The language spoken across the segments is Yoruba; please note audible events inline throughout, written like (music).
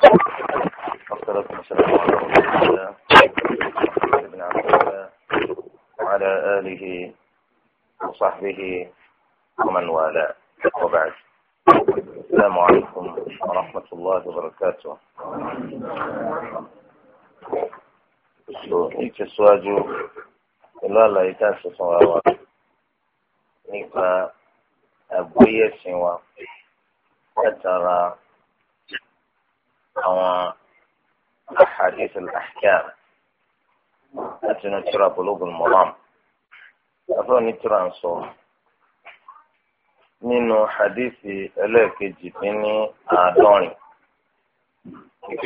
والصلاة والسلام على رسول الله بن عبد وعلى آله وصحبه ومن والاه وبعد السلام عليكم ورحمة الله وبركاته ìtẹ̀síwájú pẹ̀lú àlàyé tá a ṣe fún wa wá nípa àgbóyẹ̀sìn wa nipa أحاديث الأحكام أتنا ترى بلوغ المرام أفرون ترى أنصر من حديث إليك جبني آدوني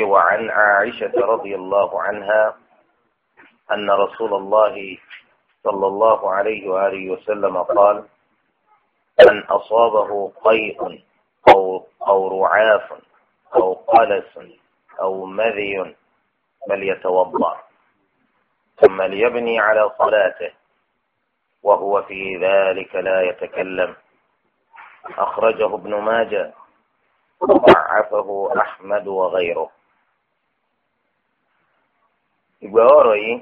وعن عائشة رضي الله عنها أن رسول الله صلى الله عليه وآله وسلم قال من أصابه قيء أو, أو رعاف أو قلس أو مذي فليتوضأ ثم ليبني على صلاته وهو في ذلك لا يتكلم أخرجه ابن ماجه وضعفه أحمد وغيره يقول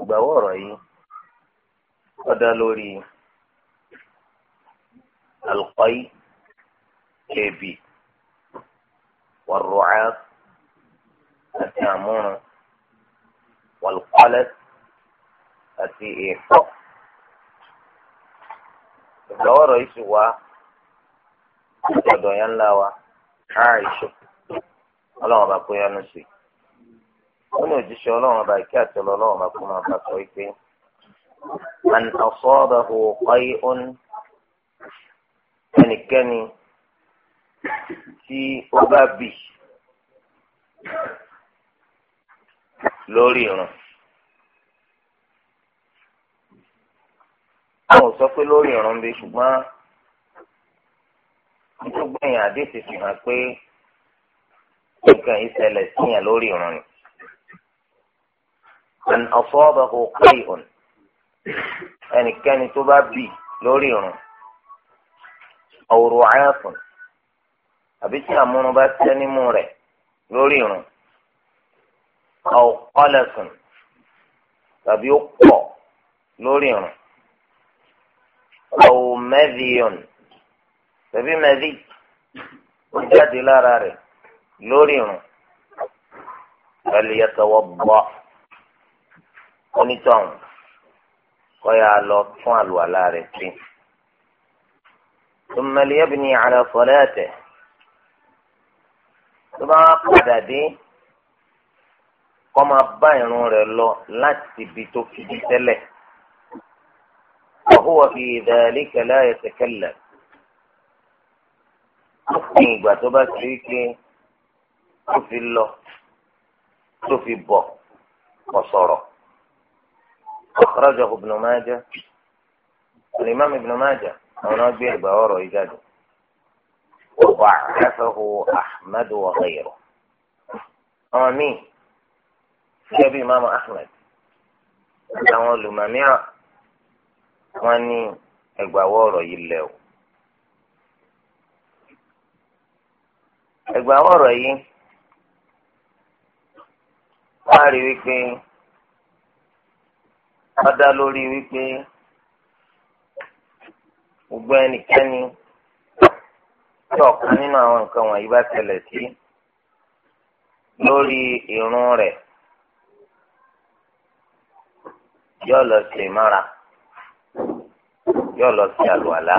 ìgbàwọ́ ọ̀rọ̀ yìí ó dá lórí alqai ebi wàrúwàá àti àmúrun wàlúkọ́lẹ́ àti èèfọ́. ìgbàwọ́ ọ̀rọ̀ yìí sì wá ọ̀dọ̀ yẹn ńlá wa Aisha ọlọ́run bá kó yẹn sí i ó ní òjíṣẹ́ ọlọ́run ọba ìkí àti ọlọ́run ọba kó máa bá sọ pé man asabahu qay'un ẹnikẹ́ni tí ó bá bì lórí irun. àwọn ò sọ pé lórí irun bí ṣùgbọ́n nítorí gbẹ̀yìn àdéhùn fi hàn pé nǹkan yìí ṣẹlẹ̀ síyàn lórí irun ni an asabahu qai'un ẹnikẹ́ni tó bá bì lórí irun aw ru'afun àbí tí àmúrun bá tẹ́ nímú rẹ̀ lórí irun aw qalasun tàbí ó pọ̀ lórí irun aw madhiyun tàbí mẹ́dì ó jáde lára rẹ̀ lórí irun fal yatawadda onítọ̀hún kọ́ya lọ fún àlùwàlá rẹ̀ sí. tùmọ̀lì ẹ̀bìnì àlàfọ̀lẹ́ ẹ̀tẹ̀ tó bá padà dé kọ́ máa bá ìrun rẹ̀ lọ láti ibi tó fi di tẹ́lẹ̀. وهو في ذلك لا يتكلم ní ìgbà tó bá ti rí pé tó fi lọ tó fi bọ̀ kò sọ̀rọ̀ أخرجه ابن ماجة الإمام ابن ماجة أو أبي أبوار وإجادة وضعفه أحمد وغيره آمين جاب إمام أحمد àwọn olùmọ̀míràn واني ní ẹgbàáwọ̀ ọ̀rọ̀ yìí lẹ̀ wọ́n dá lórí wípé gbogbo ẹnikẹ́ni tí ọ̀kan nínú àwọn nǹkan wọ̀nyí bá tẹ̀lẹ̀ sí lórí irun rẹ̀ yóò lọ sí ìmára yóò lọ sí àlùwàlá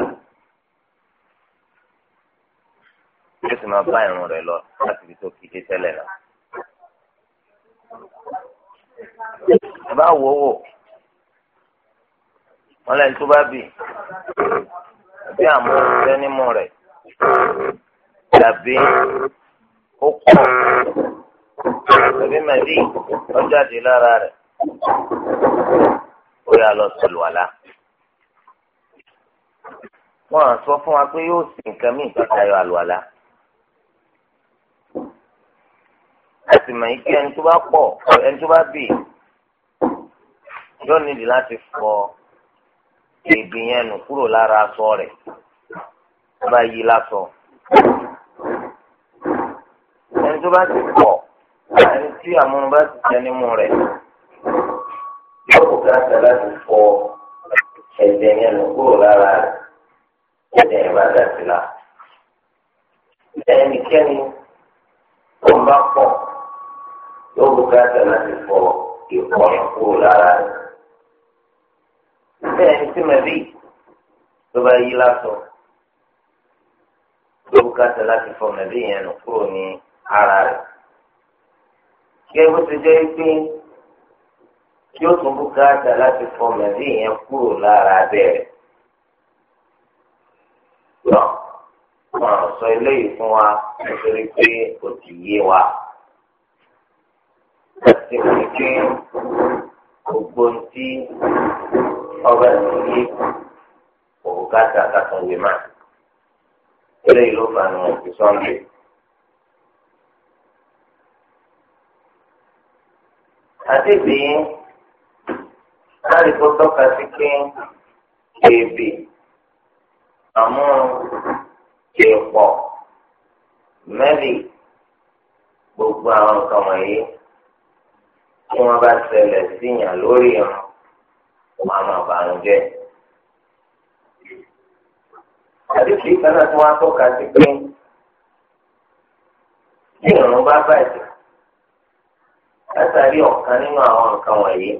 yóò sì máa bá irun rẹ̀ lọ láti ibi tó kí tẹ́lẹ̀ náà. ẹ wò wọn lẹ́yìn tó bá bì bí àmúhùnsẹ́ nímú rẹ̀ tàbí ó kọ̀ tàbí mẹ́lì ọjáde lára rẹ̀ ó yà lọ sọ̀lùwàlá. wọ́n á sọ fún wa pé yóò sì nǹkan mí ìgbà tayọ àlùwàlá. a sì mọ̀ ike ẹni tó bá pọ̀ ẹni tó bá bì yóò nídìí láti fọ ọ́ egbin yẹn nù kúrò lára aṣọ rẹ̀ tó bá yí lásọ. ẹni tó bá ti pọ̀ ẹni tí àmúnu bá ti jẹ nímú rẹ̀ yóò kó káàkiri láti fọ ẹ̀jẹ̀ yẹn nù kúrò lára rẹ̀ ẹ̀jẹ̀ yẹn bá dà sí la. ẹnikẹ́ni tó ń bá pọ̀ yóò kó káàkiri láti fọ ìpọ̀nà kúrò lára rẹ̀ bẹ́ẹ̀ ni tí mo rí ló bá yí lásọ tó bùkátà láti fọ mẹ̀bí yẹn nù kúrò ní ara rẹ̀ gẹ́gẹ́ bó ti jẹ́ pé yóò tún bùkátà láti fọ mẹ̀bí yẹn kúrò lára bẹ́ẹ̀ lọ wọn ò sọ eléyìí fún wa nítorí pé kò ti yé wa àti pé gbogbo ti ọba ìdílé òbúkátà kàtúndì máa eléyìí ló fà ní wọn fi sọ́ndé. àdébì láti kó tọ́ka sí pé èébì àmọ́ èèpọ̀ mẹ́lì gbogbo àwọn nǹkan wọ̀nyí tí wọ́n bá ṣẹlẹ̀ síyàn lórí ìrìn máa ma bànújẹ́. àdìsí kan náà tí wọ́n á tọ́ka sí pé tí ìrùn bá bàjẹ́ látàrí ọ̀kan nínú àwọn nǹkan wọ̀nyí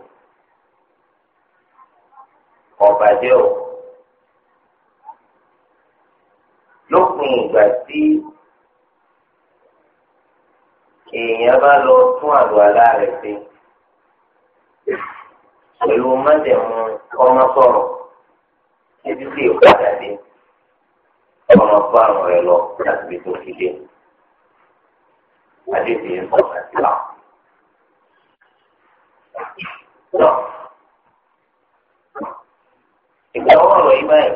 ọ̀bàjẹ́ o lópin ìgbà tí èèyàn bá lọ tún àlọ́ àlá rẹ̀ sí pẹ̀lú mọ́tẹ̀mú ọmọ sọ̀rọ̀ títí sí ìpadà dé ọmọ fún àrùn rẹ lọ láti fi tó fi dé adébíyẹ ń sọ̀rọ̀ àti wà. ìgbà wọ́n rọ̀ yí báyìí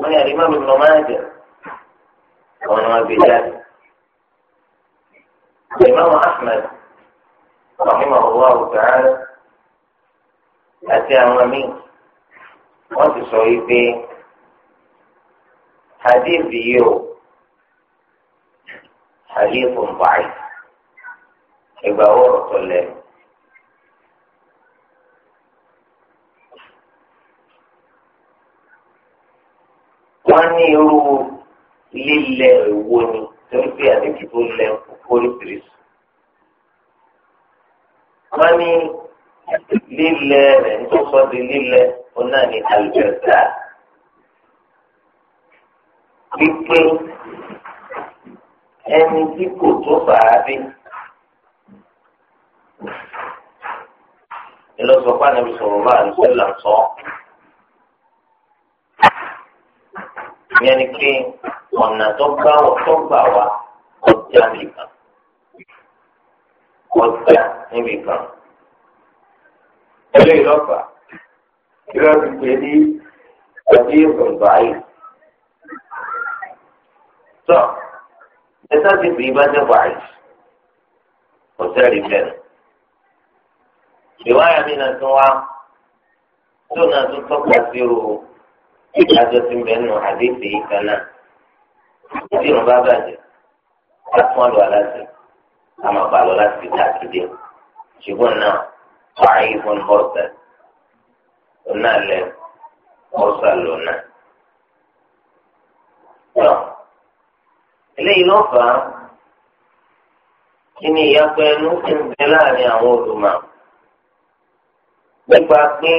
wọ́n yàrá ìmọ̀ mi lọ máa ń jẹ wọn ni gbé jáde. الإمام أحمد رحمه الله تعالى àti àwọn míì wọ́n ti sọ yìí pé hadith yìí o hadith ń ìgbà wọ́ọ̀rọ̀ tó lẹ́nu. wọ́n ní irú lílẹ̀ èwo ni torí pé àdéhùn tó lẹ oríṣiríṣi. wọ́n ní lílẹ̀ rẹ̀ ńtọ́sọ́ di lílẹ̀ ọ̀nà ní àlùjẹ̀dá pípé ẹni tí kò tó fàábí. ìlọsọ̀kọ́ ànábi sọ̀rọ̀ bá àlùsọ̀là sọ. ìyẹn ni pé ọ̀nà tó gbà wá ọjà nìkan ọjà níbìkan eléyìí lọ́fà kí wọ́n ti pè ní ọdí ìgbọ̀ngbà yìí. tọ́ ẹ̀sán ti fi ibà jẹ́ wàá yìí kò sẹ́rìí bẹ́ẹ̀. ìwáyà mi náà tún wá tó náà tún tọ́ka sí o ìdájọ́ ti ń bẹ nù àdéhìí kan náà. ìdí ìrùn bá bàjẹ́ látún ọ̀dọ̀ aláṣẹ àmọ̀ bàlọ́ láti dá kíde ṣùgbọ́n náà. ضعيف مرسل قلنا له مرسل لنا eléyìí ló fà á kí ni ìyàpẹ ẹnu ti ń bẹ láàrin àwọn olùmọ̀ nípa pé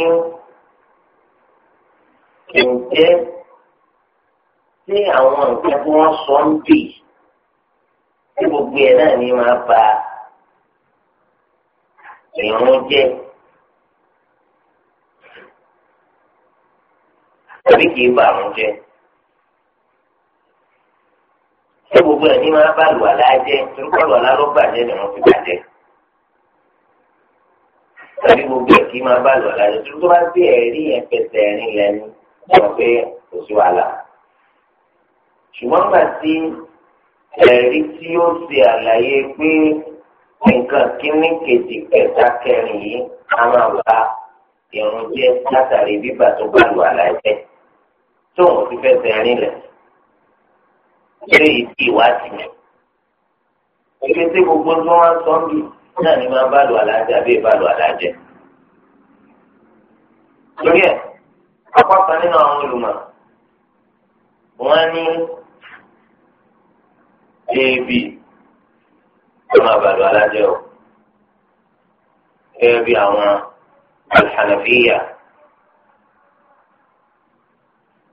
ǹjẹ́ tí àwọn gbogbo ẹ̀ náà ní máa ba ìrún jẹ́ tàbí kì í bàrún jẹ́ ṣé gbogbo ẹ̀ ní máa bá lù àlá jẹ́ torí kọ́ lù àlá ló bàjẹ́ ni wọ́n fi bàjẹ́ tàbí gbogbo ẹ̀ kì í máa bá lù àlá jẹ́ torí tó bá gbé ẹ̀rí yẹn pẹ̀sẹ̀ ẹ̀rín lẹ́nu wọ́n pé kò sí wàhálà ṣùgbọ́n gbà tí ẹ̀rí tí ó ṣe àlàyé pé nǹkan kínní kejì kẹta kẹrin yìí a máa ba irun jẹ látàrí bíbà tó bá lu àlàyé tóun ti fẹ́ sẹ́rin lẹ̀ ṣé ìdí ìwádìí mi ìgbé tí gbogbo tí wọ́n sọ ń bì náà ni máa bá lu àlàjẹ àbí ìbá lu àlàjẹ. torí ẹ̀ apákan nínú àwọn olùmọ̀ wọ́n ní èébì. ọmọ àbàdo alájẹ o gẹ́gẹ́ bí àwọn alhànàfíyà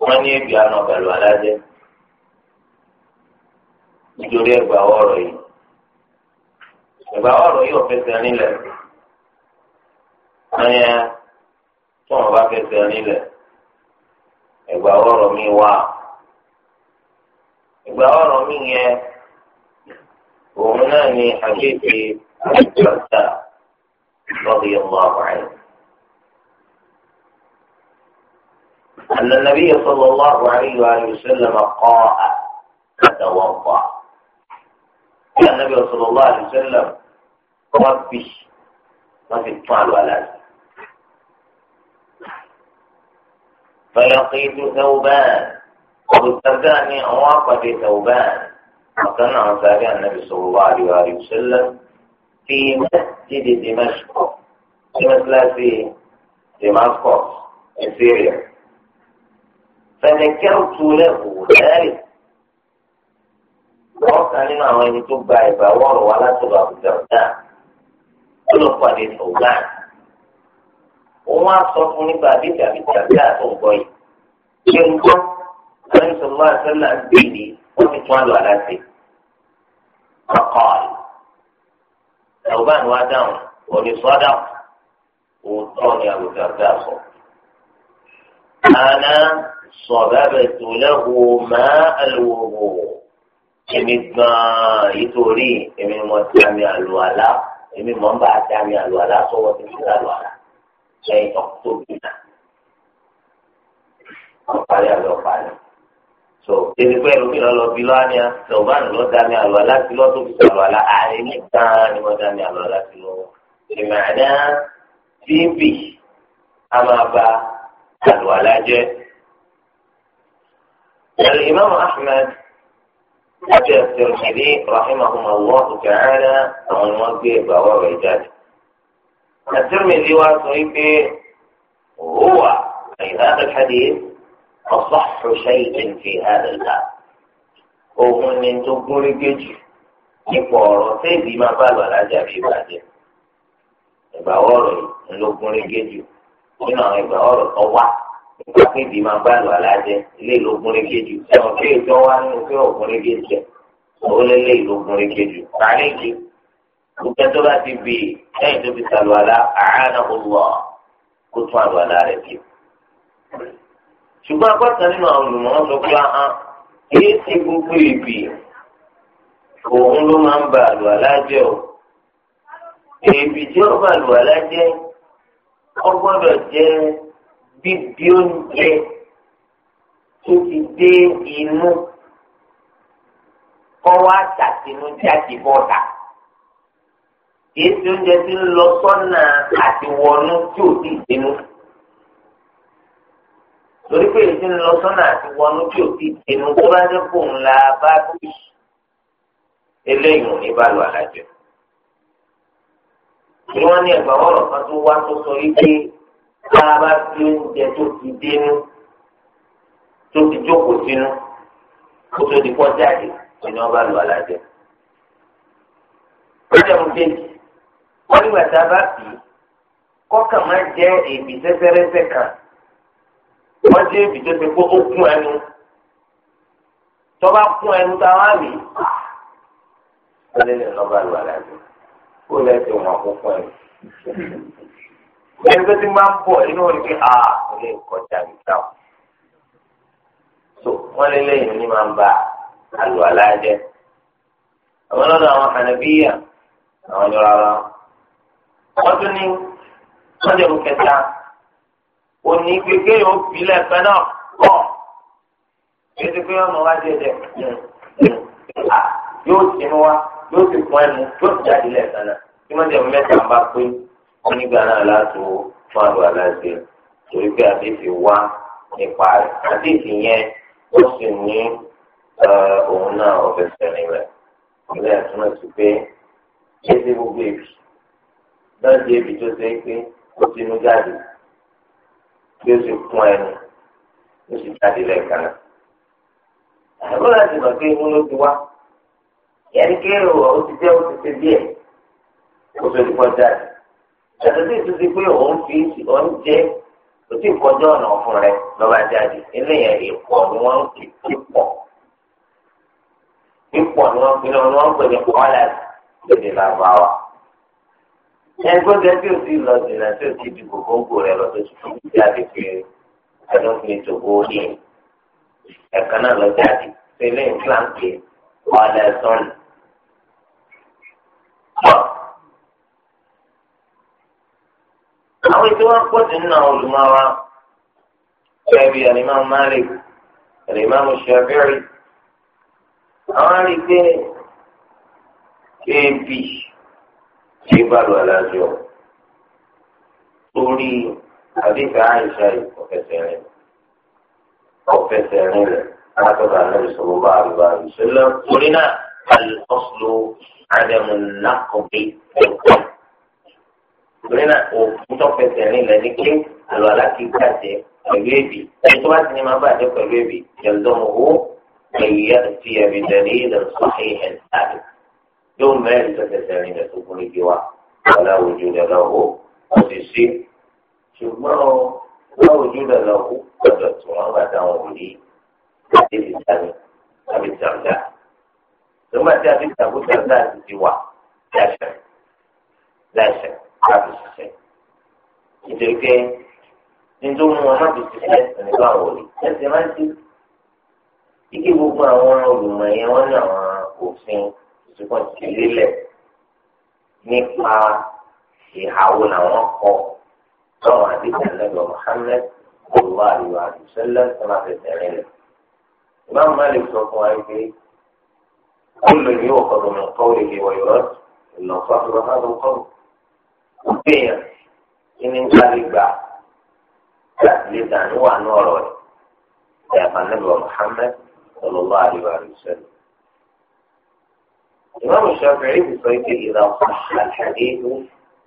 wọ́n ní ẹbí àwọn àbàdo alájẹ nítorí ẹgbà ọ̀rọ̀ yìí ẹgbà ọ̀rọ̀ yìí ò fẹsẹ̀ nílẹ̀ wọ́n yẹ tí wọ́n bá fẹsẹ̀ nílẹ̀ ẹgbà ọ̀rọ̀ mi wà ẹgbà ọ̀rọ̀ mi ومناني náà ni رضي الله عنه أن النبي صلى الله عليه وآله وسلم قاء فتوضأ قال النبي صلى الله عليه وسلم ربي ما في الطال ولا فيقيد ثوبان وبالترداء أواقد ثوبان وكان عن سابع النبي صلى الله عليه وآله وسلم في مسجد دمشق في في دمشق في سوريا فذكرت له ذلك وكان لنا وين تبع بور ولا تبع الدرداء كل قد فوقان وما صفني بعد كابي كابي أتوقعي يوم كان صلى الله عليه وسلم بيدي وفي طوال kọ́kọ́ọ̀lì tàwọn àwọn adáhùn òní sọ́dà òótọ́ ni àwùjọ àgbà sọ. àná sọ̀bẹ́bẹ̀ tó lẹ́hùn máa àlùwò èmi gan-an yìí torí èmi mọ̀ tí a mi àlùwàlá èmi mọ̀ ń bá a dá mi àlùwàlá sọ̀wọ́ tí mi àlùwàlá lẹ́yìn ọ̀kútóbì náà. ọ̀parí àlọ́ parí so èdè pé ẹlòmíì lọ lọ bí lọ́wọ́ á lọ bá nù lọ dání àlọ́ aláti lọ́ tó fi sọ̀rọ̀ àlá ààrẹ nìkan ni wọ́n dání àlọ́ aláti lọ́wọ́ ìmọ̀ọ́nà bíbí a máa ba àlọ́ alájẹ́. الإمام أحمد أتى الترمذي رحمهم الله تعالى ومن وجه بواب الجد الترمذي وصيبه هو أي هذا الحديث أصح شيء في هذا الباب òun ni tó gúnrégé jù nípa ọ̀rọ̀ téèbì máa bá lọ alájà bíi ìbàjẹ́ ìgbàwọ́ ọ̀rọ̀ yìí ló gúnrégé jù nínú àwọn ìgbàwọ́ ọ̀rọ̀ tó wá nípa téèbì máa bá lọ alájẹ ilé ló gúnrégé jù ẹ̀wọ̀n tí èyí tó wá nínú pé ògúnrégé jẹ òun lélẹ̀ ìlú gúnrégé jù gbogbo tó bá ti bì lẹ́yìn tó fi sàlùwàlá àánà òwò kó tún àlùwàlá rẹ̀ jù ṣùgbọ́n agbáta nínú àwọn olùmọ̀ọ́ sọ pé ahán èyí ti gbogbo ìbí òun ló máa ń ba àlùwàlá jẹ́ o èbí tí ó ba àlùwàlá jẹ́ ó gbọ́dọ̀ jẹ́ bíbí oúnjẹ tó ti dé inú kọ́ wá tàtinú jáde bọ́ta èyí tí oúnjẹ ti ń lọ sọ́nà àti wọnú tí ò ti dènú torí pé èyí ń lọ sọ́nà àti wọnú tí ò ti dènù tó bá jẹ́ kó ńlá bá bì eléyìí ò ní bá lọ àlàjẹ. ni wọ́n ní ẹ̀gbọ́n ọ̀rọ̀ kan tó wá tó sọ wípé tá a bá fi oúnjẹ tó ti dénú tó ti jókòó sínú kó tó di kọ́ jáde ni wọ́n bá lọ àlàjẹ. ó jẹ́ mu kéèkì wọ́n nígbà tá a bá bì kọ́kàn máa jẹ́ èbì sẹ́sẹ́rẹ́sẹ́ kan wọ́n dé ibi tó ti kó ó kún ẹnu tọ́ba kún ẹnu táwọn àmì lẹ́yìn lọ́ba lu àlàyé kó lẹ́yìn tó wọn kó kún ẹnu. ẹni tó ti máa ń bọ̀ inú wọn ni pé a kò lè kọjá mi táwọn. so wọ́n lé lẹ́yìn ní máa ń ba àlù àlàyé àwọn lọ́dọ̀ àwọn Hanabiya àwọn yọ̀rọ̀ ara wọ́n ní wọ́n jẹ́ òkẹta òní gbégbé yóò fi lẹ́ẹ̀kan náà pọ̀ ètò pé ọmọ wa dé dẹ yóò sinú wa yóò sì fún ẹnu yóò sì jáde lẹ́ẹ̀kan náà tí wọ́n jẹ́ mẹ́ta bá pé onígbà náà láti fún àlọ́ aláṣẹ torí pé àdéhìí wá nípa rẹ̀ àdéhìí yẹn ó sì ní òun náà ọ̀fẹ́ sẹ́rin rẹ̀ ilé àtúnmọ̀ sí pé ṣé ṣé gbogbo èbì náà dé ibi tó ṣe é pé ó ti mú jáde bí ó sì kún ẹnu ó sì jáde lẹ́ẹ̀kan náà. àbúrò láti mọ̀ pé inú ló ti wá yẹn ní kí èrò ó ti jẹ́ ó ti ṣe díẹ̀ ó tó ti kọ́ jáde. yàtọ̀ sí ìtúsí pé òun fi òun jẹ́ ó ti kọjá ọ̀nà ọ̀fun rẹ lọ́ba jáde eléyẹn ìpọ̀ ni wọ́n ń pè pọ̀ ìpọ̀ ni wọ́n ń pè wọ́n pè ní kọ́lá ìpèdè làbáwá ẹgbẹ́gbẹ́ tí o ti lọ jìnnà tí o ti di gbogbogbò rẹ lọ tó ti fún mi jáde pé adófin ìjòkó ní ẹ̀ka náà lọ jáde pé lẹ́yìn kíláǹkì ọ̀dà ẹ̀sán ni. àwọn ètò wọn pọ̀ jù nínú àwọn olùmọ̀wá ẹ̀bí alimami Malik alimami Shafi'i àwọn àrí pé ebi kí bá lọ alájọ torí àbíkà àìsà ìkọfẹsẹ rẹ ọfẹsẹ rẹ rẹ látọ̀dọ̀ ànábì sọ̀rọ̀ bá àlùbá àlùsọ̀lá torí náà alọ́sọ̀lọ́ àdàmù nàkọ̀bí ẹ̀kọ́ torí náà òkú tọ́fẹsẹ rẹ rẹ ní kí àlọ́ alákìgbàjẹ pẹ̀lú èbì ẹni tó bá ti ní máa bàjẹ́ pẹ̀lú èbì jẹ̀dọ̀mọ̀ ó ẹ̀yà ti ẹ̀bìdẹ̀rẹ̀ ìdàgbàsókè ẹ̀ yóò mẹ́rin tẹ́tẹ́tẹ́ rìn rẹ̀ tó fún igi wa aláwọ̀ ojú rẹ̀ lọ hó wọ́n ti ṣe ṣùgbọ́n aláwọ̀ ojú rẹ̀ lọ hó gbọ́dọ̀ tí wọ́n bá dáwọn ò rí àdébí sáré àbí sàmdà tòmá tí àbí sàbó sàmdà ti ti wà láṣẹ láṣẹ láti ṣiṣẹ́ nítorí pé nítorí wọn má ti ṣiṣẹ́ nípa àwọn òní ẹsẹ̀ máa ń ti ike gbogbo àwọn olùmọ̀ yẹn wọ́n ní àwọn òfin ṣùgbọ́n ti lélẹ̀ nípa ìhàwó làwọn kọ lọ́wọ́ àdìsẹ́ lẹ́gbẹ̀ẹ́ Muhammad olùwà àdìwà àdìsẹ́lẹ̀ tó máa fẹsẹ̀ rìn lẹ̀. ìmáàmù Malik sọ fún wa pé kúlù ní òkòtò mi kọ́ òye wọ̀ yọ̀ọ́ ìlọ́sọ́ àtúrọ̀ náà ló kọ́ òbíyàn kí ni ń sáré gbà láti lè dànù wà ní الإمام الشافعي بصيته إذا صح الحديث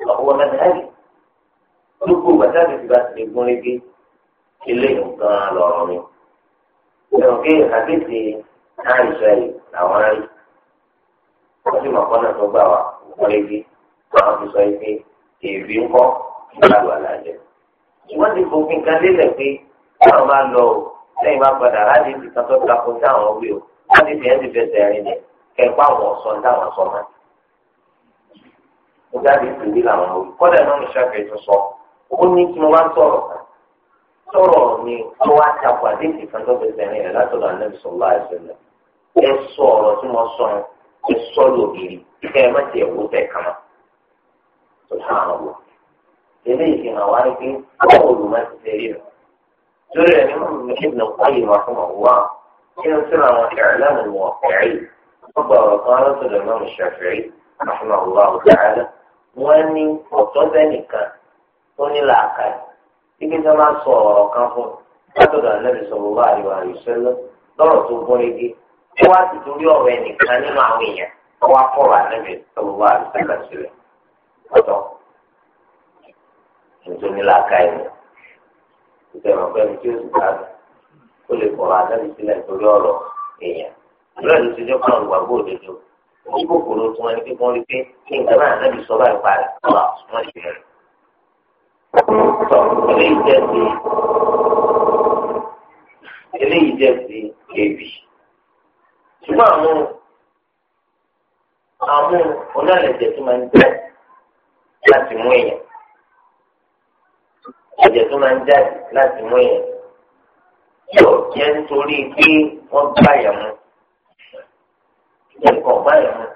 فهو منهجي gbogbo bàtà mi ti bá ti gún lébi ilé nǹkan lọ́rọ̀ mi. Ẹ̀rọ kí àkéde àìsàn yìí làwọn rí. Wọ́n sì mọ̀ kọ́nà tó gbà wá gún lébi. Àwọn ti sọ pé èébì ń kọ́ ìlàlù àlàjẹ. Wọ́n ti fòfin kan lélẹ̀ pé táwọn bá lọ lẹ́yìn bá padà láti ìtàn tó takò táwọn wí o. Wọ́n ti fi ẹ́ ti fẹsẹ̀ rìn lẹ̀. ẹ̀kọ́ àwọn ọ̀sán ní àwọn ọ̀sán náà. mo jáde ìpínlẹ̀ làwọn ọmọ yìí kọ́dà náà ìṣàkẹ́ tó sọ ó ní kí wọ́n sọ̀rọ̀ sọ̀rọ̀ ni tó wá takò àdéhùn kan tó fẹsẹ̀ rìn rẹ̀ látọ̀dọ̀ ànábì sọ̀lá àìsẹ̀lẹ̀ ẹ sọ ọ̀rọ̀ tí mo sọ ẹ sọ lògiri kẹ́ ẹ má tiẹ̀ wó tẹ̀ kama subhanallah eléyìí fi hàn wá ní pé báwo olùmọ̀ ti ṣe rí rẹ̀ torí ní kí ọgbà ọ̀rọ̀ kan alátọ̀dọ̀ Imam Shafi'i rahimahullahu ta'ala wọ́n ní ọ̀tọ́ bẹ́nìkan tó ní làákàyè ibi tí wọ́n máa sọ ọ̀rọ̀ kan fún látọ̀dọ̀ Ànábì sallallahu alaihi wasallam lọ́rọ̀ tó gún régé tí wọ́n á sì torí ọ̀rọ̀ ẹnìkan nínú àwọn èèyàn wọ́n wá kọ̀rọ̀ Ànábì sallallahu alaihi wasallam sílẹ̀ ọ̀tọ̀ nítorí ìlú ẹ̀ ló ti jẹ́ kó àwọn ìwàgbọ́ òdodo ní kòkòrò tí wọ́n ní pé wọ́n rí pé kí nǹkan náà náà lè sọ báyìí parí wà wọ́n ṣe rẹ̀. eléyìí jẹ́ sí eléyìí jẹ́ sí kébì ṣùgbọ́n àwọn àwọn onálẹ̀jẹ̀ tó máa ń jẹ́ láti mú èèyàn ẹ̀jẹ̀ tó máa ń jáde láti mú èèyàn yóò jẹ́ nítorí pé wọ́n bá yà mú bàbá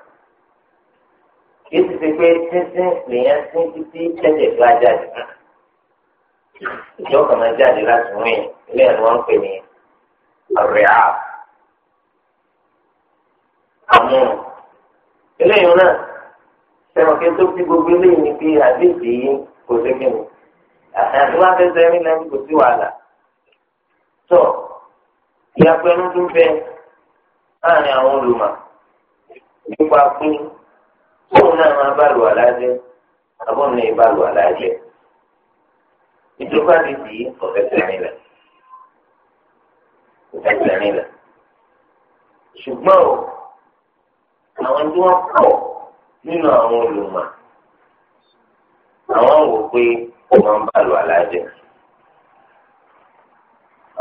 yẹn mú kì í ti fi pé tíntín lèèyàn tín títí tẹ́jẹ̀ bá jáde ìjọ kàn máa jáde láti wíìn ilé ẹ̀ ni wọ́n ń pè ní ọ̀rẹ́ à àmú eléyìí náà sẹ́wọ̀n kí n tó fi gbogbo eléyìí ni pé àdéhùn yìí kò sí kí ni àti wọ́n fẹ́ sẹ́yìn náà kò sí wàhálà tó ìyàpẹ́ tó ń bẹ láàrin àwọn olùmọ̀ nípa fún fóun náà máa bá lu àlàjẹ àbọ̀ náà bá lu àlàjẹ ìjọba ti di ọ̀fẹ́sẹ̀rin lẹ̀ ọ̀fẹ́sẹ̀rin lẹ̀ ṣùgbọ́n o àwọn tí wọ́n pọ̀ nínú àwọn olùmọ̀ àwọn wò pé ó máa ń bá lu àlàjẹ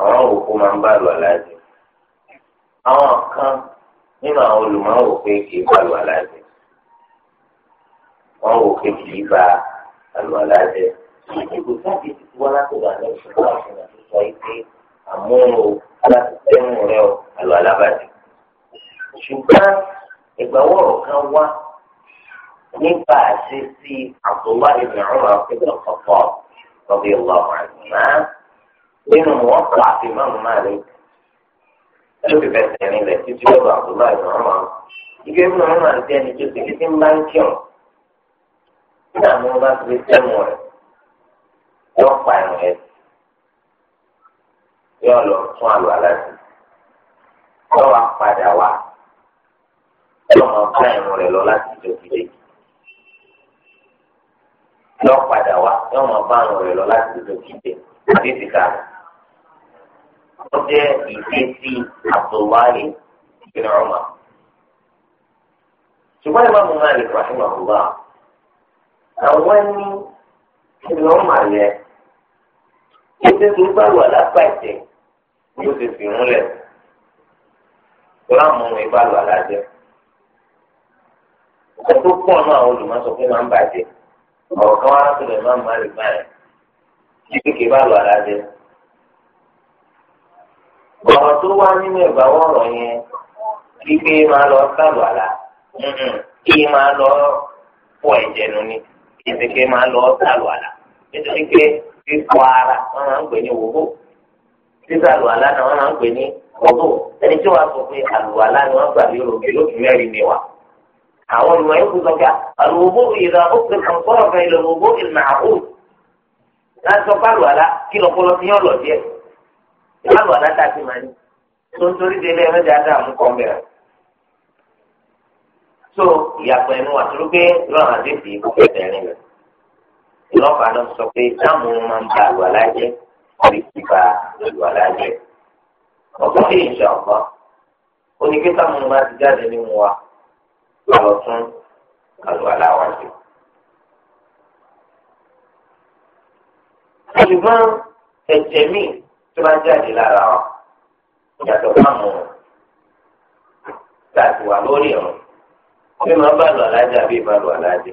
àwọn wò pé ó máa ń bá lu àlàjẹ àwọn kan nínú àwọn olùmọ̀wò pé kì í bá àlùwàlá jẹ wọn wò pé kì í bá àlùwàlá jẹ ìdìbò sáàbì ti wá láti wà ní ìṣúná àfihàn tó sọ pé àmúhùn o láti tẹ́wọ̀n rẹ o àlùwàlá bàjẹ́ ṣùgbọ́n ìgbàwọ̀rọ̀ kan wá nípa àṣìṣe Abdullahi ibn Umar ibn Khattab radiyallahu anhu nínú wọn kọ àfihàn Malik lórí bẹ̀sẹ̀ nílẹ̀ títí lọ́dọ̀ Abdullahi Muhammad ike bí wọn máa ń ẹni tó ti kí ti ń bá ń kíọ̀n nígbà tí wọn bá ti fi sẹ́mu rẹ̀ yọ pa ẹ̀rùn ẹ̀ yọ lọ tún àlọ́ aláṣẹ yọ wá padà wá yọ máa bá ẹ̀rùn rẹ̀ lọ láti jọ fi lè yọ padà wá yọ máa bá ẹ̀rùn rẹ̀ lọ láti jọ fi lè àbí ti ká rẹ̀. ó jẹ́ ìṣesí Abdullahi ibn Umar. ṣùgbọ́n ìmọ̀ mọ́ Malik rahimahullah àwọn ní ibn Umar tó bá wà lápá ni ó ti fi múlẹ̀ tó láwọn ohun ìbá lọ alájẹ. ọ̀sẹ̀ tó pọ̀ náà àwọn olùmọ̀sọ pé máa ń bàjẹ́ ọ̀rọ̀ kan wá máa ń ọ̀rọ̀ tó wá nínú ìgbàwọ́ ọ̀rọ̀ yẹn wípé máa lọ sálù kí máa lọ fọ ẹ̀jẹ̀ nù ni lọ sálù nítorí pé fífọ ara wọn máa ń pè ní wòwò náà wọn máa ń pè ní wòwò ẹni tí wàá sọ pé ni wọn gbà lérò mẹ́rin ni wà àwọn yóò sọ pé ìlà òkè ìlà ìlà láti sọ pé kí lọ́pọ̀lọpọ̀ ìwádìí ọ̀nà tá a ti máa ní tó ń torí délé ẹ̀mí dáadáa mú kọ́ mẹ́rin. so ìyàpọ̀ ẹnu wà torí pé lọ́rùn àti ìdí kò fẹ́ tẹ̀rín rẹ̀ ìlọ́pàá náà sọ pé dáàmú máa ń ba àlùwà lájẹ́ àbí ti ba àlùwà lájẹ́ ọ̀gbọ́n lè ṣe ọ̀gbọ́n ó ní kí táwọn ọmọ ti jáde nínú wa lọ tún àlùwà láwà sí. ṣùgbọ́n ẹ̀jẹ̀ míì tó bá jáde lára wa yàtọ̀ fáwọn ọ̀rọ̀ tààtì wà lórí ọ̀rọ̀ bí wọ́n bá lọ alájà bí ìbá lọ alájà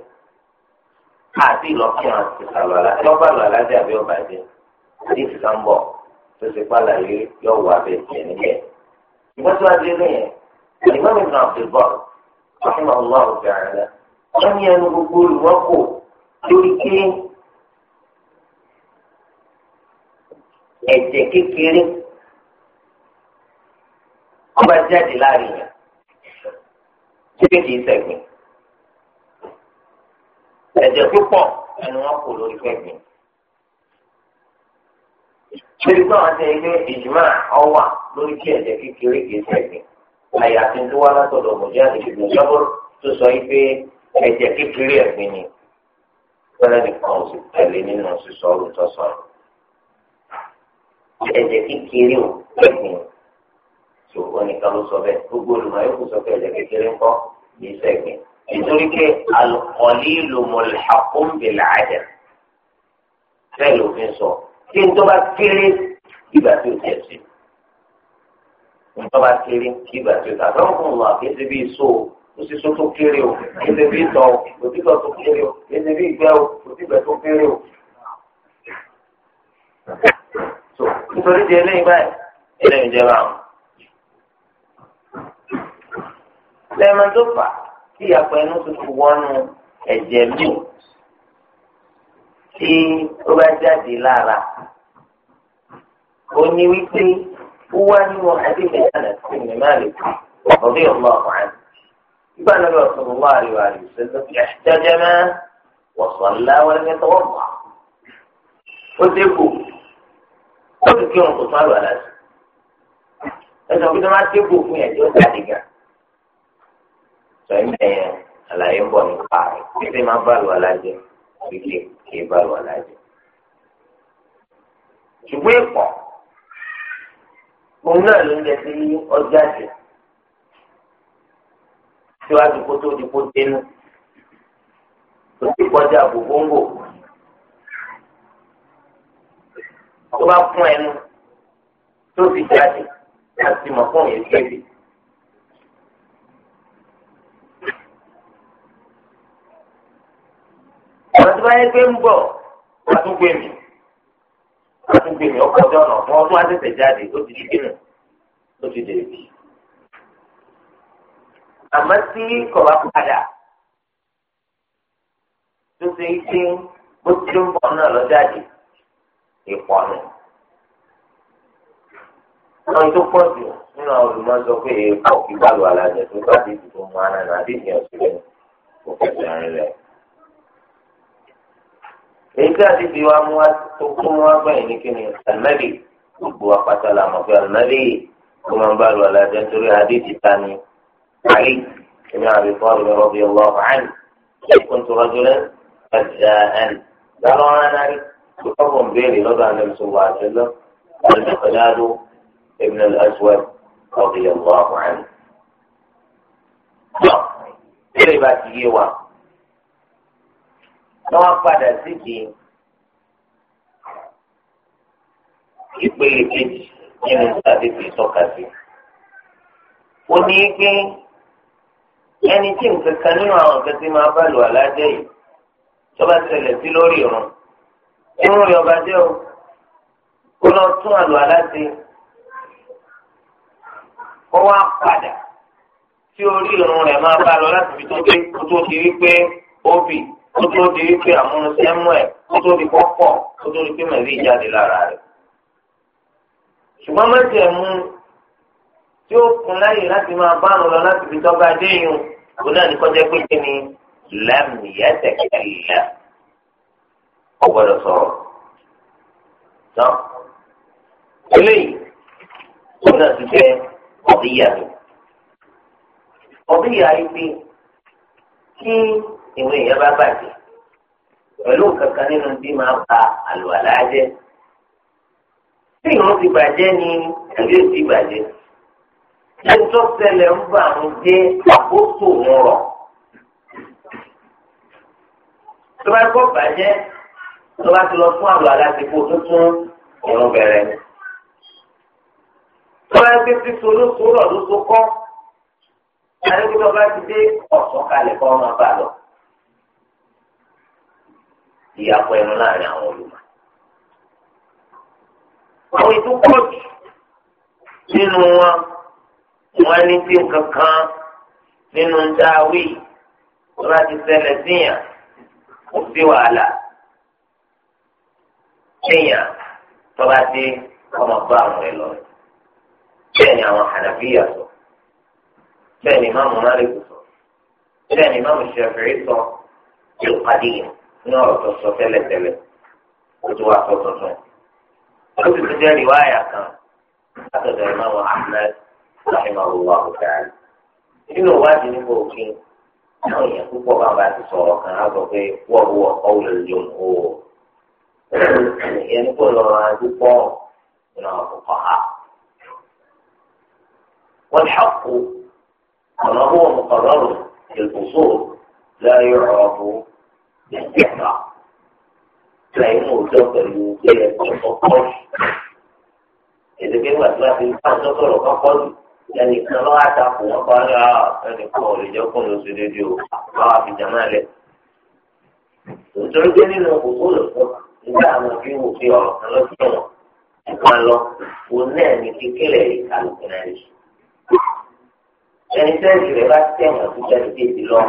àti ìlọ́kùn àti ìsàlọ̀ alájà lọ́ba lọ alájà bí ọba jẹ àti ìsàmbọ̀ tó ti pàlà yìí yọ wà bẹ́ẹ̀ tiẹ̀ níbẹ̀. ìgbà tó wá dé lóyè ìgbà mi nà ọ̀sẹ̀ bọ̀ ọ̀sẹ̀ máa ń lọ ọ̀sẹ̀ àrẹ̀ lẹ́ wọ́n ní ẹnu gbogbo olùwọ́pọ̀ lórí kéé. ẹ̀jẹ̀ kékeré ọba jáde láàrin yẹn ṣé kìí ṣẹ̀gbìn ẹ̀jẹ̀ púpọ̀ ẹnu wọn kò lórí fẹ́gbìn torí pé àwọn tẹ̀lé ilé ìjùmọ̀ ọwà lórí kí ẹ̀jẹ̀ kékeré kìí ṣẹ̀gbìn àyàfi tó wá látọ̀dọ̀ mọ̀já ìṣègùn ìjọba tó sọ yìí pé ẹ̀jẹ̀ kékeré ẹ̀gbìn ni pẹ́lẹ́ nìkan ò sì tẹ̀lé nínú sísọ orúkọ sọ̀rọ̀ ẹ̀jẹ̀ kékeré o ẹ̀gbìn o tó oníkan ló sọ bẹ́ẹ̀ gbogbo olùmọ̀ yóò kó sọ pé ẹ̀jẹ̀ kékeré ń kọ́ yìí sẹ́gbìn nítorí pé al-qalilu mulhaqun bil-'adam bẹ́ẹ̀ lòfin sọ kí n tó bá kéré ìgbà tí o tẹ̀ sí n tó bá kéré ìgbà tí o tà fẹ́ fún wa kí n ti bí so òṣìṣẹ́ tó kéré o kí n ti bí tọ̀ tó kéré o kí n ti bí gbẹ́ o òṣìṣẹ́ tó kéré o torí di eléyìí báyìí eléyìí jẹ́ báwọn. lẹ́ẹ̀mọ tó fà kí ìyàpọ̀ ẹnu tuntun wọnú ẹ̀jẹ̀ mi tí ó bá jáde lára ó ní wípé ó wá nínú àdébẹ̀ àná sí ní Malik ọ̀bí ọ̀lá ọ̀hán. يبقى النبي صلى الله عليه وآله وسلم احتجم وصلى ولم يتوضأ وتبوا lọ́ọ̀dù kí wọn kò tún àlọ́ àlá sí. ẹ sọ pé tó máa dé gbòó fún ẹ̀jẹ̀ ó jáde gà. sọ ẹ mẹ́yẹn àlàyé ń bọ̀ nípa títí máa bá àlọ́ àlá jẹ kíkì kì í bá àlọ́ àlá jẹ. ṣùgbọ́n ìpọ̀ òun náà ló ń jẹ sí ọjà jù síwájú kó tó di kó dénú. ó ti kọjá gbogbo ń gbòó. tó bá fún ẹnu tó fi jáde láti mọ̀ fún yẹn jáde. àwọn tó bá yẹ pé ń bọ̀ àtúgbò mi àtúgbò mi ọkọ̀ ọjọ́ náà wọn tún wá tẹ̀sẹ̀ jáde ó ti di kínú ó ti dèrè bí. àmọ́ tí kò bá padà tó ṣe é pé bó ti ń bọ̀ náà lọ jáde ìpọnù wọn tó pọ̀ jù nínú àwọn olùmọ̀sọ pé èèpọ̀ kí bálu alájẹ tó bá ti dùn mọ́ ara rẹ̀ àti ìyẹn sílẹ̀ kò fẹsẹ̀ rìn lẹ̀. èyí tí a ti fi wá mú wá tó kún wá gbẹ̀yìn ní kíni àlùmẹ́lì gbogbo apáta la mọ̀ pé àlùmẹ́lì tó máa ń bálu alájẹ nítorí adé ni ayé èmi àbí fọ́ọ̀rù mi rọ́bì ọlọ́ọ̀hán ṣé ń tó rọ́jò lẹ́ tọ́pọ̀ béèrè lọ́dọ̀ àlẹ́sọ̀ wà àjẹlọ́ àlẹ́sọ̀dáàdó ibn al-aswad ọ̀gbìn ọ̀gbọ̀n àkùnrin. yọ eré bá ti yé wa wọ́n padà síbi ìpele kejì nínú sàdébì tọ́ka sí. ó ní pé ẹni tí nǹkan kan nínú àwọn nǹkan tí máa bá lò àlájẹ yìí tó bá ṣẹlẹ̀ sí lórí ìrun. inú rẹ̀ ọba o kó lọ tún àlọ́ aláṣẹ kó wá padà tí orí irun rẹ máa bá lọ láti fi tó dé kó tó di wípé óbì kó tó di wípé àmúnisẹ́mú ẹ̀ kó tó di pọ́pọ̀ kó tó di pé mẹ̀rí ìjáde lára rẹ̀. ṣùgbọ́n mẹ́jẹ̀mú tí ó kún láyè láti máa bá lọ láti fi kó ní kọjá pé kí ni ọgbọ́dọ̀ sọ̀rọ̀ tán eléyìí ó náà ti jẹ ọdíyà mi ọdíyà yìí pé kí ìwé yẹn bá bàjẹ́ pẹ̀lú kankan nínú bí máa ba àlùwàlá jẹ́ tí ìrún ti bàjẹ́ ni ìlú ti bàjẹ́ ẹni tó ṣẹlẹ̀ ń bá àwọn jẹ́ àkóso wọn rọ̀ tó bá gbọ́ bàjẹ́ tó bá ti lọ fún àlọ́ aláṣepò tuntun òun bẹ̀rẹ̀ ni. tó bá ti fi sọ lóṣòrò ló so kọ́ àdéhùn tó bá ti dé ọ̀sán kalẹ̀ kọ́ ọmọ bá lọ. ìyàpọ̀ ẹnu láàrin àwọn olùmọ̀. àwọn ètò pọ̀jù nínú wọn wọn ní tí nǹkan kan nínú dáwì tó ti ṣẹlẹ̀ síyàn ó sí wàhálà kéèyàn tọ́ba dé ọmọ bá àwọn ẹ̀ lọ bẹ́ẹ̀ ni àwọn hànàfíyà sọ bẹ́ẹ̀ ni máàmù Malik sọ bẹ́ẹ̀ ni máàmù Shafi'i sọ yóò padì yìí ní ọ̀rọ̀ tó sọ tẹ́lẹ̀tẹ́lẹ̀ ó ti wá sọ tuntun ó sì ti jẹ́ rìwáyà kan látọ̀dọ̀ ìmáàmù Ahmed rahimahullah ta'ala nínú ìwádìí nípa òfin àwọn èèyàn púpọ̀ bá wọn bá ti sọ̀rọ̀ kan á sọ pé wọ́ọ̀wọ́ ọ̀wọ́ lè jòun òòrùn ìyẹn ní kò lọ́rọ̀ àdúgbò nínú àwọn kòkò ha. wọ́n ṣàkó ọ̀nà owó mọ̀kànlọ́rọ̀ ìlùkùsọ̀ láyé ọ̀rọ̀ ìjẹta láyé mú òjò pẹ̀lú ilé ẹ̀kọ́ kọ́ọ̀lù. èdèkéwà tí wọ́n ti ń bá ọjọ́ sọ̀rọ̀ kọ́kọ́lù lẹ́nu ìkan lọ́wọ́ àtàkùn wọn kọ́ ọ́nà ẹnì kan ò lè jẹ́ kó lọ sí rédíò àwọn àfijàmọ́ rẹ̀. òjò ń gbé nínú kòkó lọ́kọ̀ọ́ nígbà àwọn òbí wò pé ọ̀rọ̀ kan lọ́jọ́ wọn ìgbà lọ òun náà ní kékeré ìkàlùkù náà rí. ẹni sẹ́ẹ̀sì rẹ̀ bá tẹ̀wọ̀n tó jáde débi lọ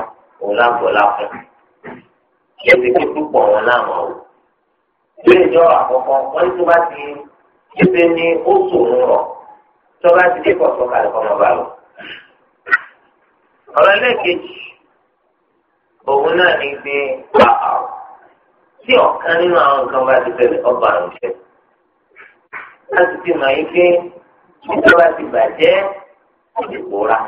òun lágbo láfún. ṣé ti pé púpọ̀ wọn láwọn o. ìbéèrè jọ àkọ́kọ́ wọ́n tó bá ti ṣépè ní ó sòun rọ̀ tó bá ti dé pọ̀ sọ́kàlẹ̀ kọ́ ọmọ bá lọ. ọ̀rọ̀ òun náà ní gbé pàápàá tí ọ̀kan nínú àwọn nǹkan bá ti tẹ̀lé ọba àrùn jẹ. láti fi mọ̀ yín pé nígbà bá ti bàjẹ́ ìpòra.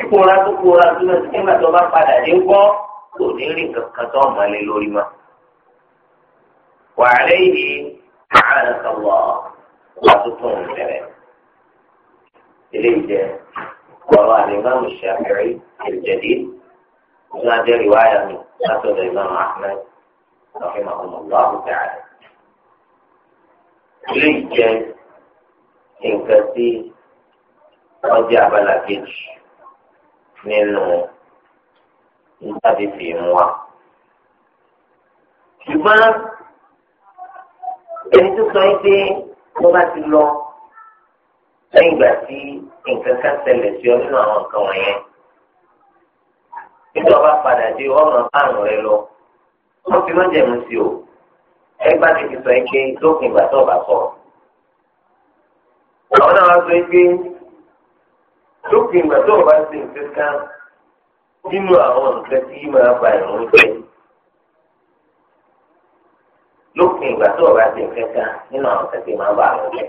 ìpòra tó pòra tó lọ sí nígbà tó bá padà dé gbọ́ kò ní rí nǹkan kan tó mọ̀ lé lórí mọ́. wàhálẹ́ yìí àárẹ̀ kan wọ̀ wá tó tún bẹ̀rẹ̀. eléyìí jẹ́ ọ̀rọ̀ àlè máa ń ṣàfihàn ìjẹ̀dí. Ìgbà jẹ́ ìwáyà mi. هكذا الإمام أحمد رحمه الله تعالى eléyìí jẹ nǹkan tí wọn jẹ abala kejì nínú nígbàdí fi mú wa. ṣùgbọ́n ẹni tó sọ yín pé wọ́n bá ti lọ lẹ́yìn ìgbà tí nǹkan kan ṣẹlẹ̀ sí ọ nínú àwọn nǹkan wọ̀nyẹn ìjọba padà dé ọ̀nà àrùn rẹ lọ wọ́n fi má jẹ̀mú sí o ẹgbẹ́ ti fi sọ ẹ pé lópin ìgbà tó bá sọ̀rọ̀ àwọn náà wá sọ ẹ pé lópin ìgbà tó bá sì ń kíkà nínú àwọn nǹkan tí máa ba ìrún jẹ́ lópin ìgbà tó bá sì ń kíkà nínú àwọn nǹkan tí máa ba ìrún jẹ́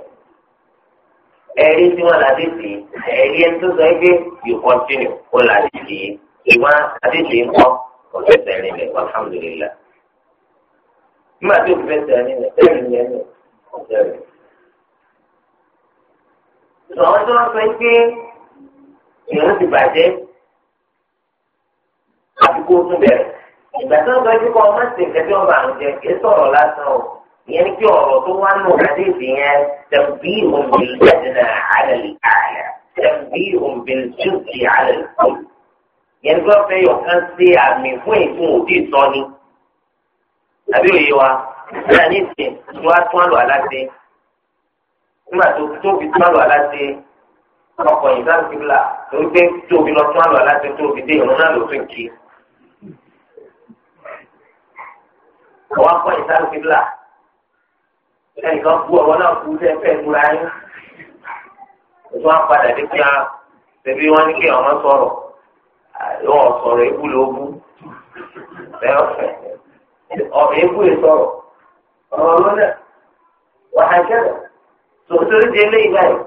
ẹ̀rí tí wọ́n la dé sí ẹ̀rí ẹni tó sọ ẹ pé you ó la dé sí yìí. ìwà àdéhìí ń kọ́ kò fẹsẹ̀ rìn lẹ̀ alhamdulillah. nígbà tí o fi fẹsẹ̀ rìn lẹ̀ bẹ́ẹ̀ ni ẹni ọ̀sẹ̀ rẹ̀. ìṣòro tí wọ́n sọ pé ìrún ti bàjẹ́ àti kó tún bẹ̀rẹ̀. ìgbà tí wọ́n sọ pé kọ́ ọmọ sì ń kẹ́kẹ́ ọba àrùn jẹ kì í sọ̀rọ̀ lásán o. ìyẹn ni kí ọ̀rọ̀ tó wá nù àdéhìí yẹn tẹ̀bí ìhùn bìlì jẹ́ yẹn gbọ́ fẹ́ yọ̀kan sí àmì fún ìfún òbí sọ́ni àbí òye wa ní àní ìsìn tí wọ́n tún àlọ́ aláṣẹ nígbà tó tó fi tún àlọ́ aláṣẹ ọkọ̀ yìí sáà ti bla torí pé tó fi lọ tún àlọ́ aláṣẹ tó fi dé ìrún náà ló tún kí àwọn akọ̀ yìí sáà ti bla ẹnìkan kú ọ̀rọ̀ náà kú sẹ́ fẹ́ múra yín wọ́n á padà dé pé a tẹ̀lé wọn ní kí ọmọ sọ̀rọ̀ àwọn ọ̀sọ̀rọ̀ ebú lóbú bẹ́ẹ̀ ebú ìsọ̀rọ̀ ọ̀rọ̀ lọ́dà wàhálà ṣẹlẹ̀ tòótórí di eléyìí báyìí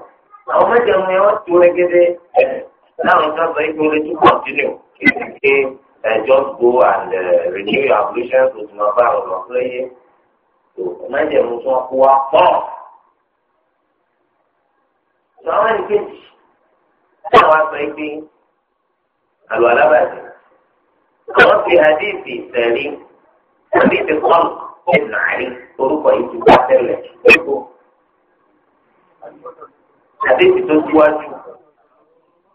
àwọn mẹ́jọ ni wọ́n tó rẹ́gẹ́dẹ́ láwọn kan sọ ipò lè tún continue kéèké just go and renew your ablution to tuma bá ọ̀rọ̀ lọ́kùnrin tó mẹ́jọ ni wọ́n kó wa pọ̀. sọ àwọn ẹnì kejì táwọn sọ ipò. قالوا لا بأس قرأت في حديث الثاني حديث الخلق ابن علي طرق وإنت تحتر لك حديث تزواج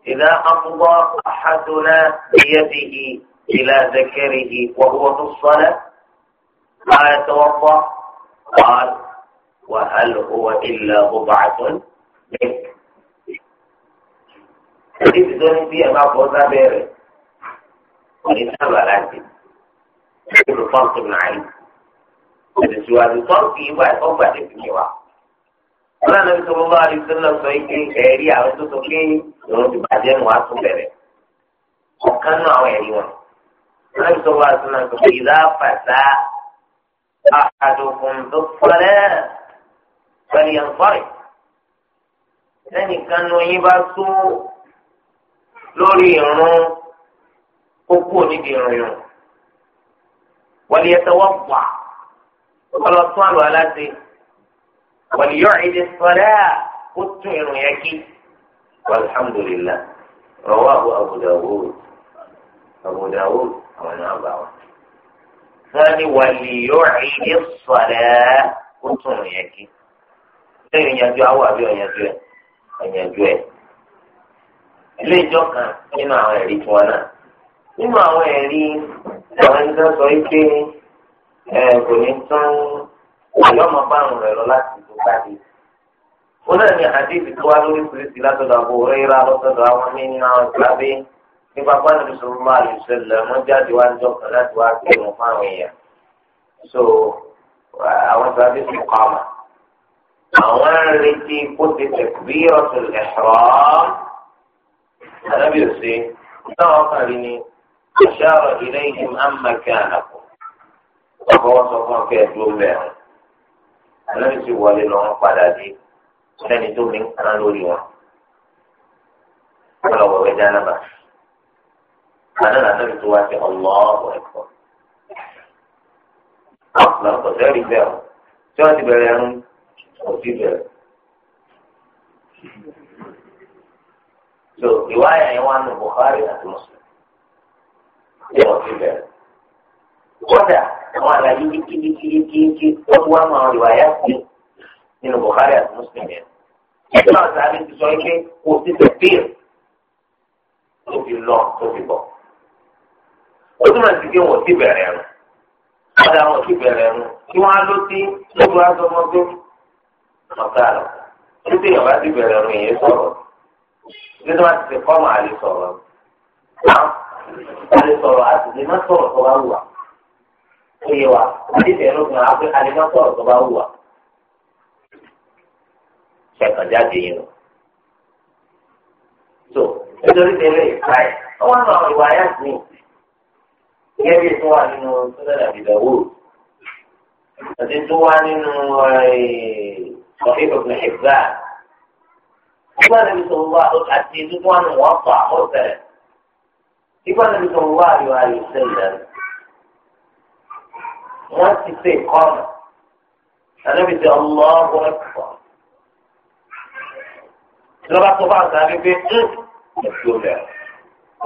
إذا أقضى أحدنا بيده إلى ذكره وهو في الصلاة ما يتوضى قال وهل هو إلا بضعة منك àdéhùn tó ní bí ẹ̀ máa bọ́ sábẹ́ rẹ̀ òní sábà láti ìlú pọ́ǹpù náà yìí. Àdìsíwájú pọ́ǹpù yìí wà ọgbà tẹ̀sí mi wá. Ọlọ́run ní sọ́mọ́ bá rí sílẹ̀ sọ ike ẹ̀rí àwọn tó sọ pé òun ti bàjẹ́ nù wá tún bẹ̀rẹ̀. Ọ̀kan náà àwọn ẹ̀rí wọn. Ọlọ́run sọ wá sínú àgbà pé ìlà fàtà àdùnkùn tó fọlẹ́ pẹ̀lú ẹ̀ńfọ́rẹ̀. Sẹ́nìkan nù yín bá tó. lórí irun kókó níbi irun yòó wọ́n yẹ tún àlọ́ aláṣẹ wọ́n ìdí kó tún irun yẹn kí alhamdulilah Abu Dawud Abu Dawud àwọn náà bá wọn. wọ́n ní ìdí sọ́dá kó tún irun yẹn kí lẹ́yìn ìyànjú àbí ilé ìjọ kan nínú àwọn ẹ̀rí tiwọn náà nínú àwọn ẹ̀rí àwọn ẹni tó sọ pé kò ní tán àyọ̀mọ̀ bárùn rẹ̀ lọ láti tó gbàdé. wọn náà ní àdéhùn tó wá lórí polisi látọ̀dọ̀ àbò rẹ́rà lọ́sọ̀dọ̀ àwọn nínú àwọn ìgbàgbé nípa pàdánù sọ̀rọ̀ máa lè ṣẹlẹ̀ wọ́n jáde wá jọ kan láti wá kẹ́rù fáwọn èèyàn. so àwọn ìgbàgbé ti kọ́ àmà. àwọn ń retí kó ti tẹ̀kú ànábì òsè táwọn ọkàrí ni ìṣàrọ̀ ilé ìhìn àmàkẹ́ ànàkù ọkọ̀ wọn sọ fún ọkẹ́ ẹ̀dúró mẹ́rin ànábì sì wọlé lọ́wọ́ padà dé lẹ́ni tó mi ń kaná lórí wọn kọlọ̀ wọ̀wẹ́ dánábà àná ànábì tó wá sí ọlọ́ọ̀bù ẹ̀kọ́ ọ̀pọ̀lọpọ̀ kọ̀sẹ́rì bẹ́ẹ̀ tí wọ́n ti bẹ̀rẹ̀ ẹ̀rún kò bẹ̀rẹ̀ so ìwáyà yẹn wà ní Bukhari àti Muslim ṣé wọ́n oh, ti bẹ̀rẹ̀ kódà àwọn àlàyé kíkíkíkíkí wọ́n ti wá mọ àwọn ìwáyà sí nínú Bukhari àti Muslim yẹn ẹgbẹ́ àwọn sáré ti sọ pé kò sí tẹ̀píìr tó fi lọ tó fi bọ̀ ó túmọ̀ sí pé wọ́n ti bẹ̀rẹ̀ ẹ̀rù kódà wọ́n ti bẹ̀rẹ̀ ẹ̀rù kí wọ́n á ló sí lójú àtọmọ́gbé ọ̀gá rẹ̀ nítorí ọ̀gá ti bẹ̀rẹ̀ ẹ̀rù yẹn sọ̀rọ̀ nígbà wọn ti fi kọ́mọ àlè sọ̀rọ̀ àlè sọ̀rọ̀ àti lè má sọ̀rọ̀ tó bá wù wá ó yẹ wa àti tẹ̀lé ògùn àpé àlè má sọ̀rọ̀ tó bá wù wá ṣẹ̀kàn jáde yìí o. so nítorí tẹ̀lé ìka ẹ̀ ọwọ́ náà àwọn ìwà ayá sí gẹ́gẹ́ bí tó wà nínú sọ́dọ̀dà bìbẹ̀ wò àti tó wà nínú ọ̀fíìsì ọ̀gbìn ẹ̀gbá ìgbà níbi sọ̀rọ̀ wá àti ìdúgbò wọn wọ́n fà mọ́tẹ́rẹ̀ ìgbà níbi sọ̀rọ̀ wá àríwá yìí sẹ́lẹ̀ wọ́n ti pè kọ́nà ànábi sẹ́ ọlọ́ọ̀bù ẹ̀kọ́ ìjọba tó bá gbà wípé ń ìdí ó bẹ̀rẹ̀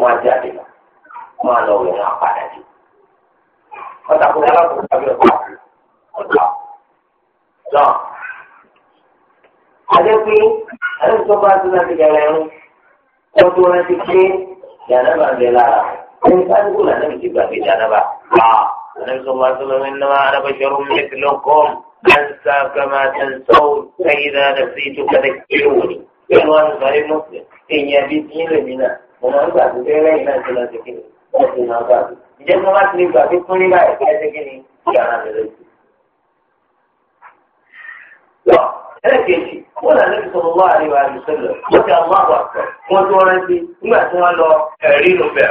wọ́n jáde lọ wọ́n á lọ wẹ̀ wọ́n padà dé wọ́n takò dábàá tó ń tàbí ọ̀pá ọ̀dọ́ adékú ẹni tó bá tún láti yàrá ẹrú wọn tó rántí pé yàrá bá bẹ lára ẹni sáàdúgbò lànà ìdí gbàgbé yàrá bá a ẹni tó bá tún lọ́wọ́ iná arábẹ́sọ̀rọ̀ mẹ́tì lọ́kọ́ ẹnsa kama ẹnsa ẹyìnà ẹsẹ̀ ètò kẹlẹ́ kéwò ni ẹni wọn sọ ẹni mọ̀sẹ̀ èèyàn bíi tí ń lè mí náà mo máa ń gbàgbé bẹ́ẹ̀ lẹ́yìn náà ti lọ sí kí ni wọ́n ti máa gbàgbé ìjẹ́ mo bá ti lè gbàgbé fún nígbà ẹ̀kẹ́ wọ́n là ní sọ̀rọ̀ wá àríwá àdìsẹ́lẹ̀ wọ́n ti àwọn àwọn àpẹ wọ́n tí wọ́n rántí nígbà tí wọ́n lọ ẹ̀rí nù bẹ̀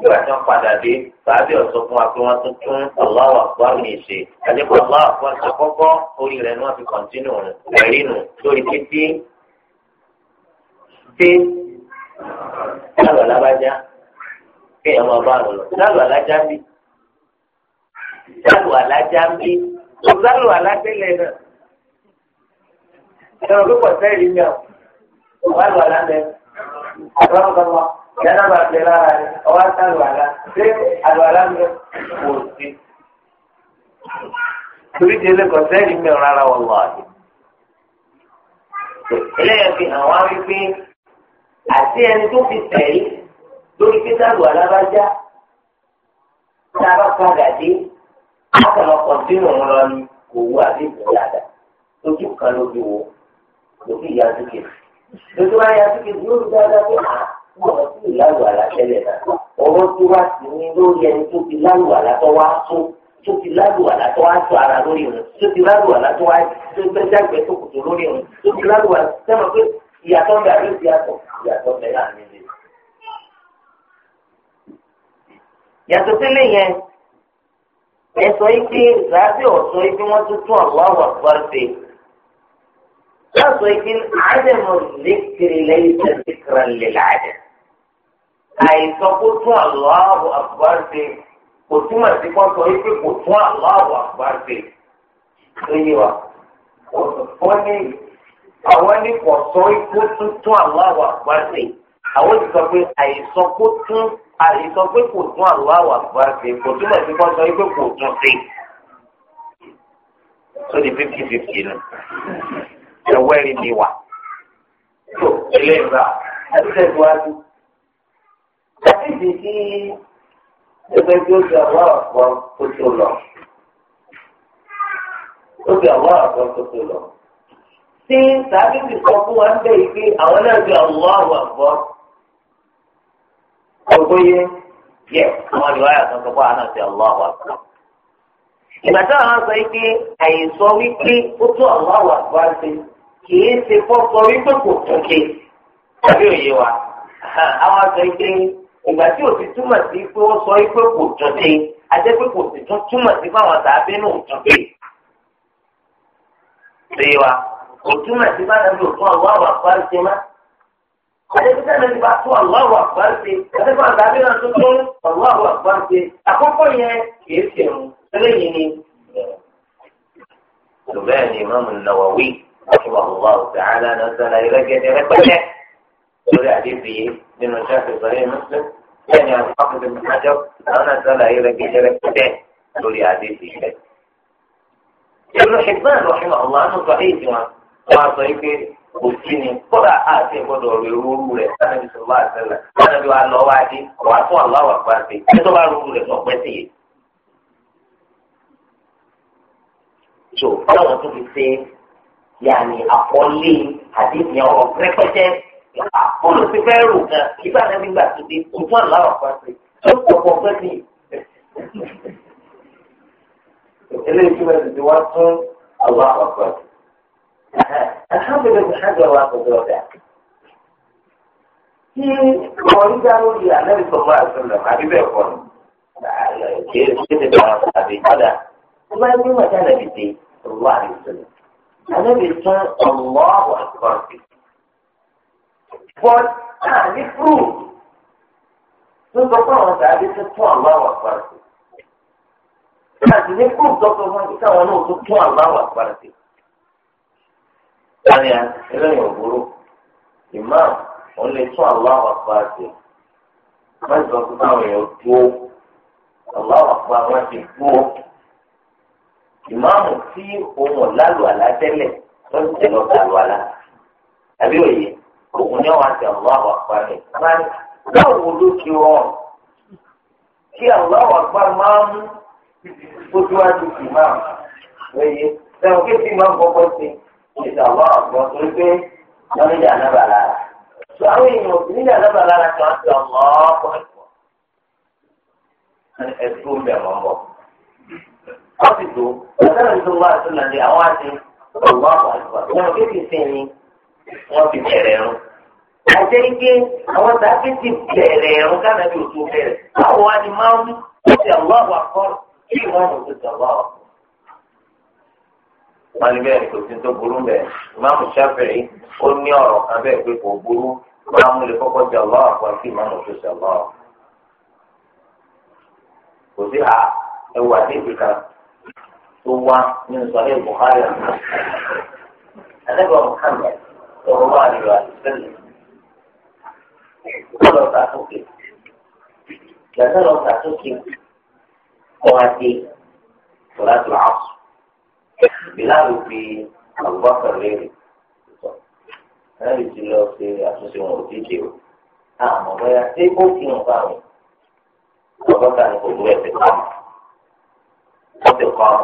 nígbà tí wọ́n padà dé bàbí ọ̀sọ́ fún wa pé wọ́n tún tún aláwọ̀ àpò àmì ìṣe àdìpọ̀ aláwọ̀ àpò àti àkọ́kọ́ orí rẹ̀ ni wọ́n fi kọ̀ǹtínù ẹ̀rí nù lórí títí dé lálọ́ alábájá kéèyàn máa bá lọ lálọ́ alájá bí lálọ́ alájá bí lálọ́ alájá ẹ̀rọ tó pọ̀ sẹ́yìn ní ọ̀ ọ̀wá ìwà lálẹ́ àbáwọ̀ kan wá yàrá máa bẹ lára rẹ̀ ọ̀wá sá ìwà lá ṣé àlọ́ àlá mi wò sí. torí ti ilé kan sẹ́yìn ní ọ̀ rárá wọ̀ wọ̀ àdé. eléyà fi hàn wá wípé àti ẹni tó fi tẹ̀lé lórí pété àlọ́ àlá bá já tá a bá padà dé á kàn lọ ni kò wú àbí ìbò dáadáa lójú kan lójú wo kò ìyá sókè lójú wa ìyá sókè yóò rí pé à ọ̀rọ̀ sí ìyáwó àlàtẹ́lẹ̀ náà ọ̀rọ̀ tí wá sí ní lórí ẹni tó fi láwù àlàtọ́ wá tó tó fi láwù àlàtọ́ wá tó ara lórí òun tó fi láwù àlàtọ́ wá tó fẹ́ dàgbẹ́ tó kùtù lórí òun tó fi láwù àlàtọ́ pé ìyàtọ̀ ń bẹ àbí ìyàtọ̀ ìyàtọ̀ bẹ láàrin ilé. yàtọ̀ sílé yẹn ẹ sọ yìí pé ràbí ọ̀sọ́ yìí wọ́n tún tún àwọn àwọn àgbà لكن عدم الذكر ليس ذكرا للعدم أي تقول الله أكبر فيه kòtúmọ̀ sí kọ́sọ̀ wípé kò tún Allahu Akbar ṣe lóye wa wọ́n ní àwọn ní kò sọ ikú tún tún Allahu Akbar ṣe àwọn ti sọ pé àìsàn kó tún àìsàn pé kò tún Allahu Akbar ṣe kòtúmọ̀ sí kọ́sọ̀ wípé kò tún ṣe. sóde fifty fifty nù. Enweghị mi wà. tó ilé ìgbà àdúgbò ìwádìí. Dàbídì kí ẹgbẹ́ tí ó di àwọn ọ̀pọ̀ tó tó lọ. ó di àwọn ọ̀pọ̀ tó tó lọ. tí fún wa ń bẹ̀ yìí pé àwọn náà di àwọn àwọn ọ̀pọ̀. ọ̀gbọ́yé yẹ àwọn ìwáyà kan sọ kìí ṣe fọ́sọ wípé kò tún ké tàbí òye wa (laughs) àwọn àgbẹ̀ ike ìgbà tí ò ti túmọ̀ sí pé ó sọ wípé kò tún ké pé kò sì tún túmọ̀ sí fáwọn tàbí nù tún ké wa kò túmọ̀ sí fáwọn tàbí òtún àwọn àwọn àpárí ṣe má àdébísẹ́ náà ti bá tún Allahu Akbar ṣe àdébísẹ́ náà tún àkọ́kọ́ yẹn ṣe رحمه الله تعالى نزل إلى ركبته ولا به من شاف صحيح مسلم يعني الحافظ بن حجر نزل إلى ركبته ولا به ابن حبان رحمه الله أنه صحيح ما صحيح òsínì kódà àti ìgbọdọ̀ rẹ̀ rúurú rẹ̀ sanabi sọlá àtẹlẹ sanabi wa lọ wá dé wà fún aláwọ̀ àgbàdé ẹjọ́ bá rúurú rẹ̀ sọ̀pẹ́ sí i. so báwọn tó fi ṣe yàní àkọlé àdébì ọ̀rọ̀ pẹ́pẹ́tẹ́ àkọlù ti fẹ́ rò gan ìgbà náà nígbà tó dé ojú àlá ọ̀pá sí tó pọ̀pọ̀ pẹ́ sí. eléyìí tí wọ́n ti di wá tún àwọn àkọ́kọ́ sí. alhamdulilayi hajj wa kọjọ ọ̀dà. tí ọ̀rí dá lórí àlẹ́rìí sọ̀rọ̀ àṣọlọ̀ àbí bẹ́ẹ̀ kọ́ ni. kí ẹ ti bá a sọ àbí ó máa ń gbé màtá nàbìdì ọ̀rọ̀ àdìsọ̀lọ̀. ànábì tún ọ̀wọ́ àwọn àtúbọ̀sí. but náà ní proof tó sọ pé àwọn sàbí tún tún ọ̀wọ́ àwọn àtúbọ̀sí. láti proof tó sọ fún kíkà imam ò lè tún ọ̀wọ́ àwọn àtúbọ̀sí. wọ́n sọ fún káwọn èèyàn dúró ọ̀wọ́ ìmáàmù tí òun ọ̀làlù àlá tẹ́lẹ̀ lọ́sùn tẹ̀lé ọ̀làlù àlá àbí òye òun ní ọ̀wá ti àwọn àwọn àpárẹ̀ máa ń báwo wo ló ti rọrùn kí àwọn àwọn àpárẹ̀ máa mú fójúwájú sí máa lóye sẹ́wọ̀n kí sí máa ń kọ́kọ́ sí ìṣẹ̀ àwọn àpárẹ̀ tó ń gbé lọ́nà ìjà náà bà lára tó àwọn èèyàn òsì níjà náà bà lára kan ti àwọn ọ̀pọ̀ ẹ̀fọ́ ẹ̀fọ́ wọ́n ti dùn ọ̀sẹ̀rẹ̀ ní sọ́wọ́ àti ọ̀nà ìdíyà wọ́n á ti ọ̀gbọ́n àwọn àgbà wọn kí ti sìn ní wọ́n ike àwọn sàáké ti bẹ̀rẹ̀ ẹ̀rùn kánà bí òtún bẹ̀rẹ̀ báwo tó tó wá nínú sọ̀rọ̀ ìbùkárì àná. Ẹlẹ́gbẹ̀ẹ́ Muhammad sọ̀rọ̀ wà nínú àtìsẹ́lẹ̀. Wọ́n lọ ta sókè. Gbàtẹ́ lọ ta sókè. Kọ́ wa dé sọ̀rọ̀ àti àṣù. Bíláàlú fi àgbà pẹ̀lú láyé ti lọ ṣe àtúnṣe wọn ò díje o àmọ́ bóyá ṣé ó fi hàn fáwọn ọgọ́ta ní gbogbo ẹsẹ̀ kan ọsẹ kan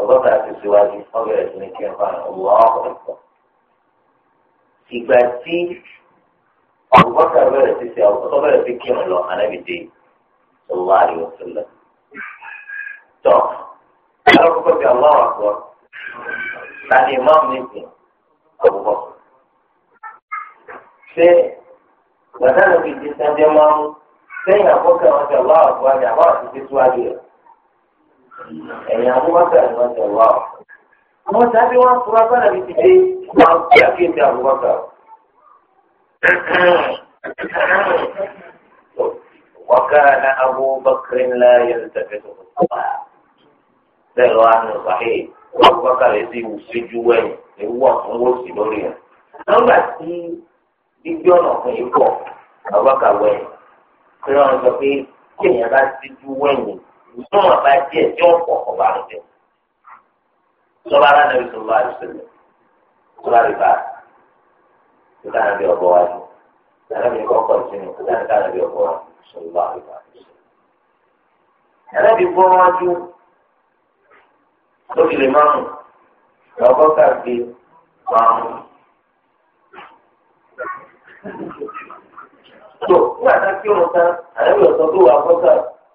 ọgọ́ta ti síwájú ọbẹ̀rẹ̀ sí ní kẹfà ọlọ́ọ̀kọ̀ ẹ̀kọ́. ìgbà tí ọgọ́ta bẹ̀rẹ̀ sí sí ọgọ́ta bẹ̀rẹ̀ sí kírun lọ anábìdé sallallahu alaihi wasallam. tọ́ ẹ̀rọ kọ́kọ́ bí ọlọ́wọ́ àkọ́ tani imam nìkan ọ̀bùbọ̀. ṣé gbàdánù bíi ti sẹ́ńdẹ́ máa ń sẹ́yìn àkọ́kọ́ àwọn ti ọlọ́wọ́ àkọ́ àti àwọn àti ti rẹ̀. ẹ̀yìn abúgbàkà ni wọ́n tẹ̀ wá o. àwọn sábẹ́ wọn fura bára mi ti dé wọn kí akéde abúgbàkà o. وكان أبو بكر لا يلتفت الصلاة سلوان صحيح أبو بكر يسيب السجوين هو موسي دوريا nígbà tí gbígbé ọ̀nà fún yìí pọ̀ Abubakar wẹ̀yìn pé wọ́n sọ pé kéèyàn bá síjú ṣùgbọ́n wọn díẹ̀ tí ó pọ̀ kọ́ ń bẹ̀. sọ́ba ara nàbí sọ́ba àdìsẹ́lẹ̀ sọ́ba rí bá sọ́ba nàbí ọ̀bọ wa jù nàbí kọ́kọ́ ìsinmi sọ́ba nàbí ọ̀bọ wa sọ́ba rí bá nàbí bọ́ wa jù lórí lè máa mú lọ́kọ́ kàgbé máa mú. tó nígbà tá kí wọn tán àlẹ́ mi ò sọ pé wà á kọ́ sáà.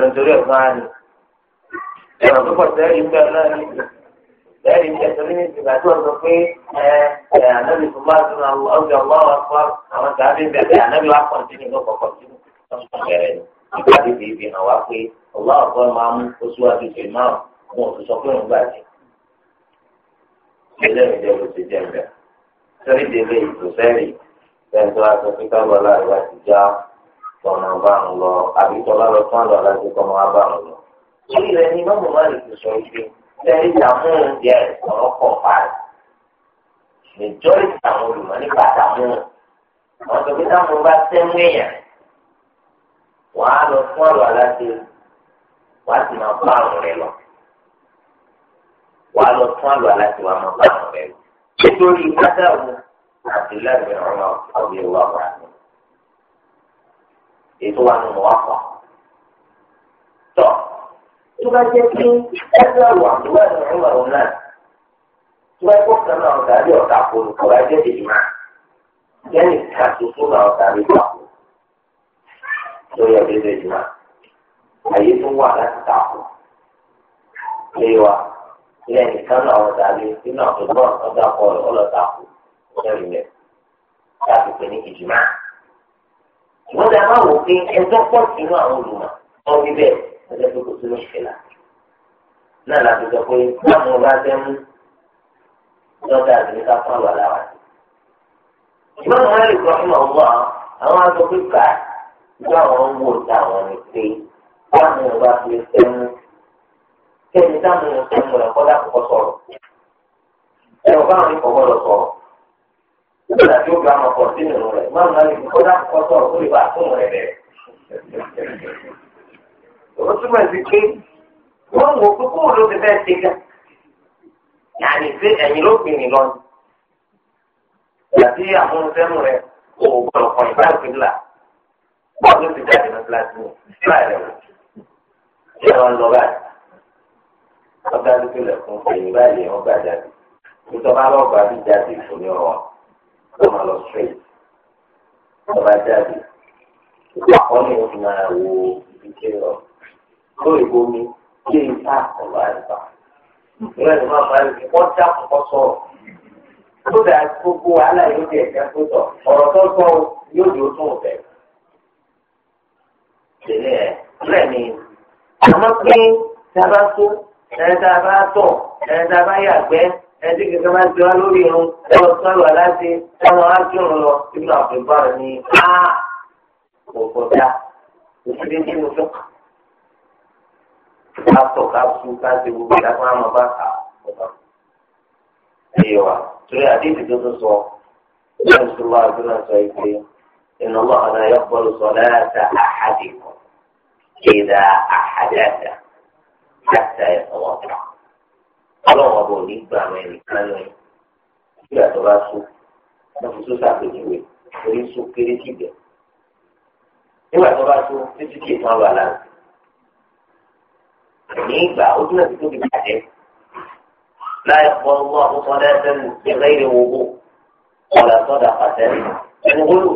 lọ́tọ́rí ọ̀gá ni ẹ̀rọ tó pọ̀ sẹ́ẹ̀rì ń bẹ̀ ọlọ́run sẹ́ẹ̀rì ń bẹ̀ torí ní ìgbà tó ń sọ pé ẹ̀ ànábì tó bá tún àwọn ọ̀gá ọ̀gá wa kọ́ àwọn sàbí ń bẹ̀rẹ̀ ànábì wa kọ̀ sínú ìlú kọ̀ọ̀kan sínú ọ̀bẹ̀rẹ̀ ìpàdé ti fi hàn wá pé ọ̀gá ọ̀gá máa mú kó síwájú ìfẹ́ máa wọn ò sọ pé òun kọ́mọ bá ń lọ àbí tọ́lá lọ fún àlọ́ láti kọ́mọ bá ń lọ. ni mọ́mọ́ máa lè sọ ìgbé sẹ́yìn ìdààmúhùn jẹ́ ọ̀rọ̀kọ̀ parí. Mẹjọ́rìtì àwọn olùmọ̀ nípa àdàmúhùn. Wọ́n sọ pé táwọn bá sẹ́wọ́n èèyàn, wọ́n á lọ fún àlọ́ láti wọ́n á sì máa bá àrùn rẹ̀ lọ. á lọ fún àlọ́ á máa bá àrùn lọ. Nítorí àti ètò wa nù wá pa. tọ́ tó bá jẹ́ pé ẹgbẹ́ àwọn àdúrà ìrìn àwọn náà tó bá kó kan náà ọ̀gá bí ọ̀gá kòlù kò bá jẹ́ èyí máa lẹ́yìn ká tuntun náà ọ̀gá bí ọ̀gá kòlù lórí ọ̀gá bí èyí máa tó wà láti tààkù lé wa lẹ́yìn kan náà ọ̀gá bí nínú àwọn ọ̀gá ọ̀gá kọ̀ọ̀lù ọlọ́tàkù lẹ́yìn rẹ̀ láti pè ní ìjìmá wọ́n dá máa wò pé ẹjọ́ pọ̀ sínú àwọn olùmọ̀ wọ́n fi bẹ́ẹ̀ ẹjọ́ pé kò sí ní ìfẹ́lá. náà láti sọ pé báwọn ọba ṣe ń lọ́dà àdúgbò ká fún àlọ́ àlàwà. ìgbà wọn lè gbọ́ fún àwọn àwọn àwọn aṣọ pípa ìgbà wọn ń wò tá àwọn ní pé báwọn ọba fi sẹ́nu kẹ́ni táwọn ọ̀sẹ̀ ń lọ kọ́ lákòókò sọ̀rọ̀. ẹ̀rọ báwọn ní kọ̀ọ̀kọ̀ lọ sọ̀rọ̀ nígbà tí ó gba ọmọ pọ̀ sínú rẹ̀ máa ń lọ ní kó kọ́ sọ̀rọ̀ kó lè bá fún rẹ̀ bẹ̀rẹ̀. ó túmọ̀ sí pé wọ́n wò pé ló ti fẹ́ẹ́ ṣe gà yàní sí ẹ̀yìn ló fi nìlọ ni. ìgbà tí rẹ̀ kò gbọdọ̀ kọ̀ ìgbà òkèlà bọ́ọ̀lù ló ti jáde ní kíláàsì ní kíláàsì rẹ̀ wò. ṣé àwọn lọ báyìí wọ́n dájú pé lẹ̀kún ẹ̀yìn báyìí wọ́n jáde. ìjọba lọ́ọ̀ gbà jáde ìfòmí ọ̀rọ̀ ló máa lọ straight wọ́n jáde ìpàkọ́ ni wọ́n máa wo ibi tí ń lọ lórí bomi kí n ta ọ̀rọ̀ àìsàn ìwé ni wọ́n máa ń fi já kọ́kọ́ sọ̀rọ̀ tó dáa gbogbo wàhálà yóò di tó sọ ọ̀rọ̀ tó sọ yóò di oṣù ọ̀fẹ́ tẹ̀lé ẹ̀ bẹ́ẹ̀ ni àmọ́ pé tá a bá tó ẹ̀ tá a bá tọ̀ ẹ̀ tá a bá yàgbẹ́ ẹtí kankan máa ń tiwa lórí irun ẹwọ sọ̀rọ̀ aláṣẹ ẹwọ ájọrun lọ ibùdó àbúrò ní á kò dá òṣèré tí mo fẹ́ ká sọ ká su ká ṣe gbogbo ìdá fún àwọn bá kà ọba ẹyẹ wa torí àdéhùn tó tó sọ ẹyẹ ìṣòro àdúrà sọ ìpè ìnáwó àwọn ọ̀nà ayọ́pọ̀lù sọ láyàtà àhàdìkọ̀ ìdá àhàdàdà àtà ẹ̀sán wọn kà ọlọ́run ọba ò ní gba àwọn ẹnìkan ní kí àtọ́lá sùn wọ́n fi sún sàpèjúwe orí sún kéré kìbẹ̀. nígbà tó bá sún títí kì í tán wà lára. ní ìgbà ó túnbọ̀ sí tóbi bàjẹ́. láì fọ ọgbọ́n àkókò lẹ́sẹ̀n ìrẹ́ ìrẹ́ owó ọ̀là sọ́dà pàtẹ́rì. ẹnu wúlò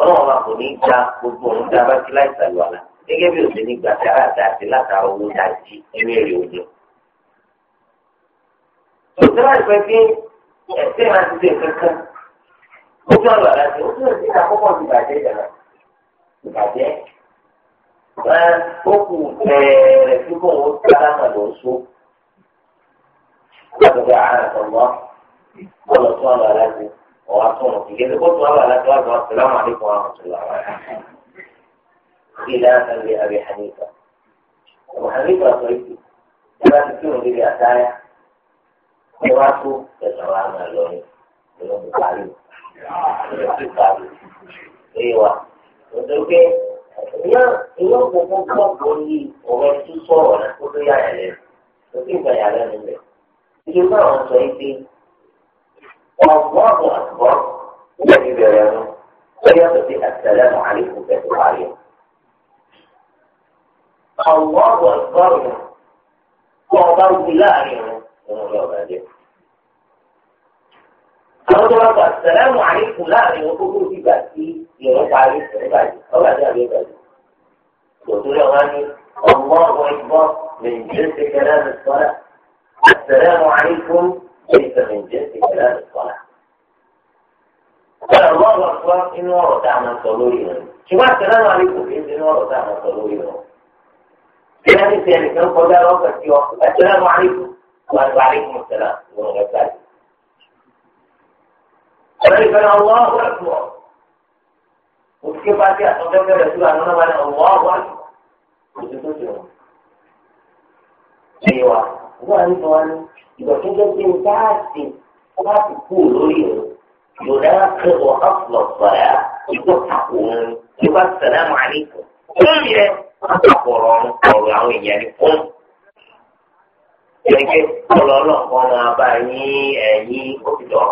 ọlọ́run ọba kò ní gba gbogbo òun dá láì sàlùwàlà gẹ́gẹ́ bí òṣèlú gbàtà àti látara owó dájú ẹni èrè òjò. òtún láti pẹ́ pé ẹ̀sìn máa ẹ wá kó ẹ̀sán wa máa lọ ní ìlú bukari ìlú bukari èyí wa òtún pé ìyá ìyá òkùnkùn kọ́ọ̀kù ní ọ̀rọ̀ tún sọ̀rọ̀ náà kó tó yá lẹ́nu kó tó ìgbà yà lẹ́nu rẹ̀ ìdí bá wọn sọ yìí pé ọ̀gbọ́n ọ̀gbọ́n wọ́n ti bẹ̀rẹ̀ ẹnu ó yàtọ̀ sí àtẹlẹ́mù àlékún pẹ̀lú ààrẹ. ọ̀gbọ́n ọ̀gbọ́n ọ̀gbọ́n ọ̀gbọ́n ọ̀gbọ́n wọn lọ bàjẹ́. àwọn tó bá gbà sẹlẹ̀mù àlékún láàrin ogógó ìgbà tí ìrún parí ìrún bàjẹ́ ọgbà tí àbí bàjẹ́. òtún lọ wá ní ọmọ ọmọ ìgbọ́n mẹ̀jẹ̀ ṣe kẹlẹ́ mi sọ́ra sẹlẹ̀mù àlékún ẹ̀ṣẹ̀ mẹ̀jẹ̀ ṣe kẹlẹ́ mi sọ́ra. Ọ̀rọ̀ ọ̀rọ̀ ọ̀rọ̀ sọ inú ọ̀rọ̀ tá a máa sọ lórí rẹ̀. Ṣùgbọ́n àtẹ̀lẹ́wọ̀n àlékún kì í ṣe inú ọ̀rọ̀ tá a máa sọ lórí rẹ̀. Bí a ti ṣe kọjá lọ́kàn وعليكم السلام ورحمة الله وبركاته الله أكبر उसके बाद क्या समझ में रसूल आना वाले अल्लाह वाले उसे तो क्यों नहीं हुआ वो अभी तो आने इधर क्यों जब चिंता थी बात पूरी हो يناقض أصل الصلاة يقول السلام عليكم كل يوم أقرأ أو يعني قم gbẹgbẹ ọlọlọ kan máa bá yín ẹ̀yin òtítọ́.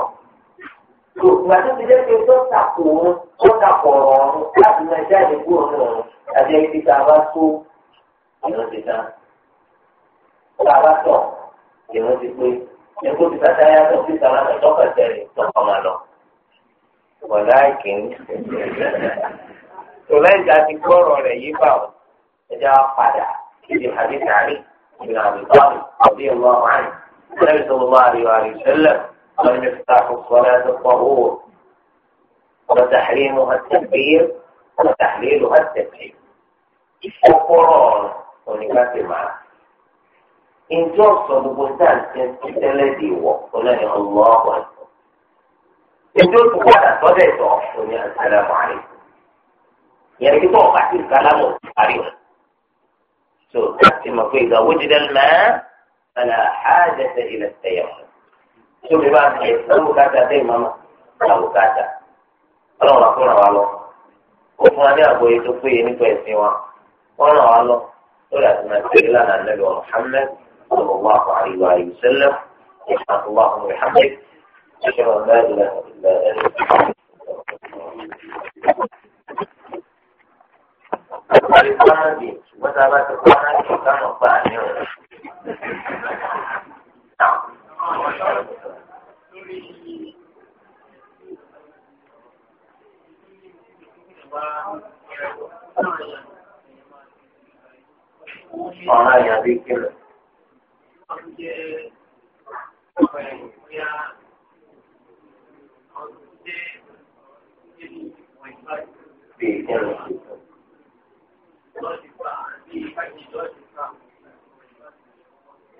ìgbà tó ti dẹ́gbẹ́ tó takò òun tó takò ọ̀run láti máa jáde kúrò ní ọ̀run àti ẹni tá bá tó ìran ti tán. tá bá tọ̀ ìran ti pé ẹgbẹ́ òtítà táyà tó ti tàn án tọ́kà tẹ̀lé tọ́kà máa lọ. wọ̀lá ìkíní. tòlẹ́ǹdà ti gbọ́ rẹ̀ yí bá ọ ẹja padà kí ni àbí sàárè. بن ابي طالب رضي الله عنه النبي صلى الله عليه واله وسلم قال مفتاح الصلاه الطهور وتحريمها التكبير وتحليلها التكبير وقرار ونكاتي معه إن جرس الذي هو قلنا الله أكبر إن padà sọ́dọ̀ ìtọ̀ òní àsàlámù السلام عليكم kí tó ọ̀pá تحكم إذا وجد الماء فلا حاجة إلى التيمم شوفي بعد حيث إيه، لو كاتا تيمم لو كاتا ألو نقول نوالو وفنا دي أبو يتوفي ينفو يسيوا وانا وعلو ولا تنسي لنا النبي محمد صلى الله عليه وآله وسلم رحمة الله ورحمته شكرا لا إله إلا الله Thank you. wọ́n sábà ti kọ́ náà ní ìkáwọn gbà ní o. ọ̀rọ̀ yẹn bí kílọ̀. Bí kílọ̀.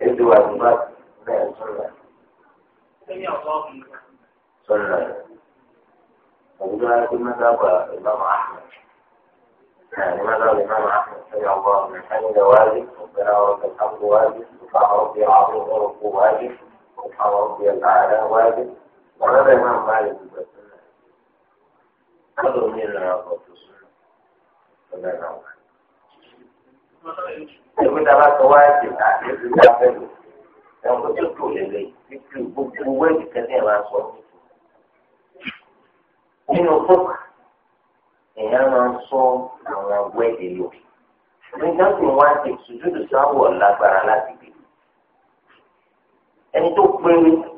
ادعو واجبات لا سنة سنة وده مذهب الإمام أحمد يعني مذهب الإمام أحمد سمع الله من حمد واجب ربنا ولك الحمد واجب سبحان ربي العظيم وربه واجب سبحان ربي الأعلى واجب ومذهب الإمام مالك بالسنة هذا من السنة سنة ẹgbẹ́ tá a bá sọ wáyé ṣe ká ṣe ṣe ká fẹ́ lò ẹ̀wọ̀n tó tó lélẹ̀ títí gbogbo wẹ́ẹ̀dì kẹ́tẹ́ máa sọ. nínú fúk èèyàn máa ń sọ àwọn wẹ́ẹ̀dì lò nígbà tí wọ́n á ti sùdúdù sáwọ̀ lágbára láti gbé ẹni tó pé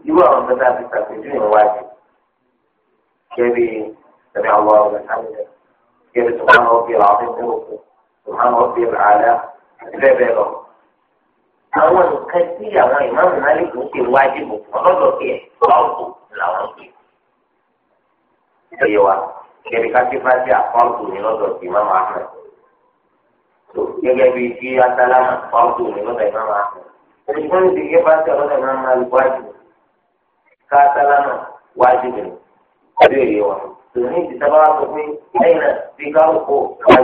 irú àwọn mẹ́ta ti ṣàpèjú ìwádìí kẹ́rì ẹ̀rẹ̀ àwọn ọ̀rẹ́ sáyẹn kẹ́rì tó máa ń rọ́ọ̀bì àwọn akẹ́kọ̀ọ́ ìmáàmù ọ̀bẹ àlá àti bẹ́ẹ̀ àwọn nǹkan tí àwọn ìmáàmù ọlọ́dọ̀ kí làwọn wa bá ní lọ́dọ̀ sí ìmáàmù tó gẹ́gẹ́ bíi kí ní lọ́dọ̀ ìmáàmù bá ọlọ́dọ̀ ká ní ọdún ìyẹwà. tòun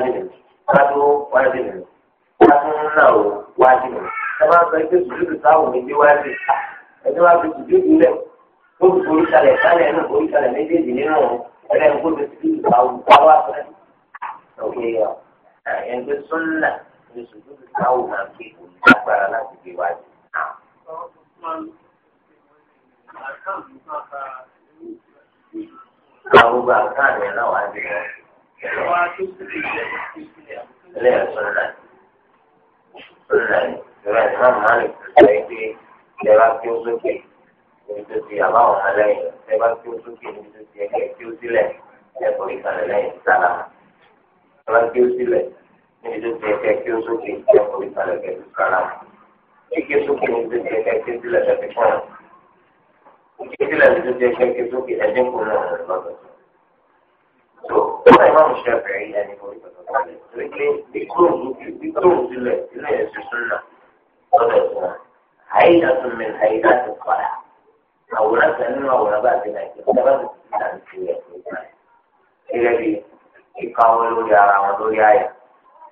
ní kádó wájú mi kádó náà o wájú mi ẹ máa sọ pé sùdúdù sáwọ mi dé wájú ẹni wá fi sùdúdù lẹ tó fi forí kalẹ̀ kálẹ̀ ẹnu forí kalẹ̀ méjèèjì nínú ẹlẹ́yìn kó fi sùdúdù sáwọ sáwọ àtúrẹ́ òkè yọ ẹni pé sọ́nà ni sùdúdù sáwọ máa ké òní lágbára láti gbé wájú. Àwọn ọba àkáàdì náà wá dé ले सुन रहा है सुन रहा है मैं इतना मालिक कि सेवा क्यों सुखी निवृत्ति अभाव न रहे सेवा क्यों सुखी निवृत्ति क्यों सिले या कोई कर रहे सारा सेवा क्यों सिले निवृत्ति क्यों सुखी या कोई कर के सारा ठीक है सुखी निवृत्ति क्यों सिले का कौन किसी लड़के के सुखी है जिनको ना तो قال الإمام الشافعي يعني هو بيكون بيكون في في السنة هيئة من هيئات الصلاة أو نفس منها ولا بأس بها كتابة التنسية هي دي يقاول لي على موضوع يا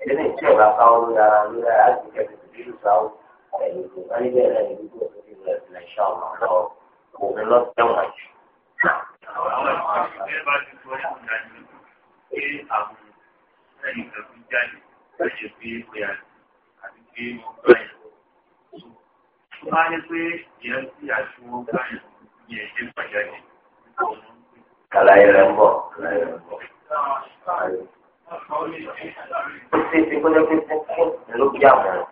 لأن الشيخ قاول لي على موضوع يا أكيد كيف تجيل ساو أنا جاي أنا بيكون إن شاء الله ومن الله تمام pé àwọn ẹnì kan fi jáde láti fi pé àti pé wọ́n gbà yẹn. Tó bá yẹ pé ìyẹn tí aṣọ wọn gbà yẹn ní ẹ̀jẹ̀ pàjáde. Àlàyé rẹ̀ ń bọ̀. Àlàyé rẹ̀ ń bọ̀. Títí ti kó jẹ́ pé fúnfún ló bí àwọn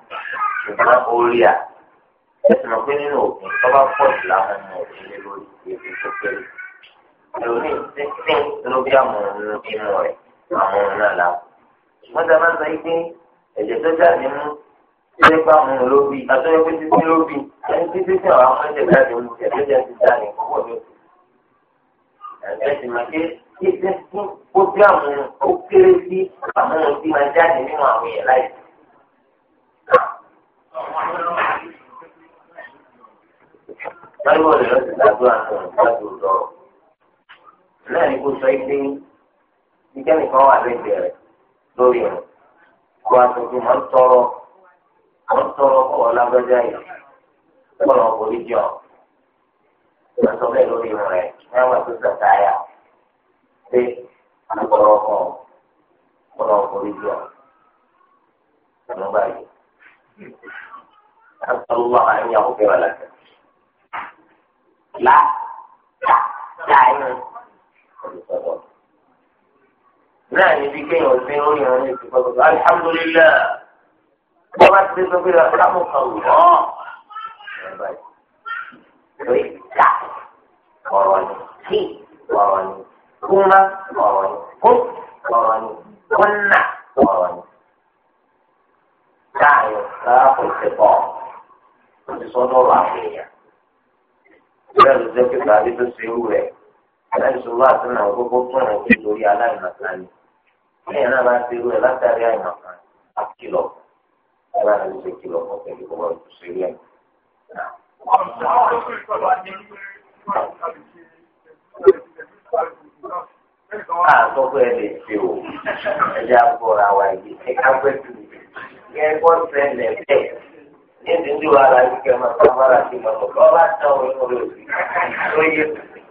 ṣùgbọ́n orí à. Ẹ̀sìn mọ̀ pé nínú òkun tó bá pọ̀ jù láwọn ọmọ òkun lé ìgbésẹ̀ tó kéré ẹlòmíì sísìn ló bí àwọn ohun inú rẹ̀ àwọn ohun náà la. ṣùgbọ́n tá a máa ń sọ yí pé ẹ̀jẹ̀ tó jáde mú ṣé bá àwọn ohun ló bí àtúnyẹ pé títí ló bí ẹni tí títí àwọn ọmọ ẹ̀jẹ̀ jáde mú ẹ̀jẹ̀ tó jáde jáde kọ́kọ́ mi. ẹ̀sìn máa ké kí sísìn ó bí àwọn ó kéré sí àwọn ohun tí máa jáde nínú àwọn èèyàn láì báyọ̀ lè lọ sí ìdájọ́ àti ìdájọ́ lọ́rọ̀ náà ní kó sọ é pé ìjẹ́ nìkan wà lẹ́gbẹ̀ẹ́ rẹ̀ lórí rẹ̀ kó a sọ pé máa ń tọrọ máa ń tọrọ kó ọ lágbájá yìí kó ọ orí jọ ìgbà tó bẹ́ẹ̀ lórí rẹ̀ ní àwọn tó sàtà yà pé àtọrọ kan kó ọ orí jọ ẹnu báyìí. أسأل الله أن يغفر لك لا لا لا olùsọ̀rọ̀. náà ní bí kéèyàn ò sí orí ìrìn ní ìsìnkú ọ̀gbọ̀n alihamudulilá wọ́n bá ti dé sọ pé ọ̀sámù kan wù ọ́. lórí ìta ọ̀rọ̀ ni kí ọ̀rọ̀ ni kúmá ọ̀rọ̀ ni kó ọ̀rọ̀ ni kúnà ọ̀rọ̀ ni. káàyò káàkó ti bọ̀ ó ọ́ lọ́rọ̀ àpèyàn. bẹ́ẹ̀ ló jẹ́ pé tàbí tó ṣe irú rẹ̀ aláìsòwò àti náà gbogbo fún òun kí lórí aláìmọ̀kan ni lẹ́yìn náà bá ti rú ẹ látàrí àìmọ̀kan àkìlọ̀ ẹ̀rọ àti ṣe kìlọ̀ fún pẹ̀lú ọ̀rọ̀ ìṣẹ̀lẹ̀ ẹ̀. Àtọ́ pé ẹ lè ṣe o, ẹ jẹ́ àbọ̀ra wa yìí, ẹ ká pẹ́ tù mí, kí ẹ kọ́ bẹ́ẹ̀ ní ìdíjú ara yìí kẹ́ máa sábà láti mọ̀ ọ́ bá tán òun lò sí.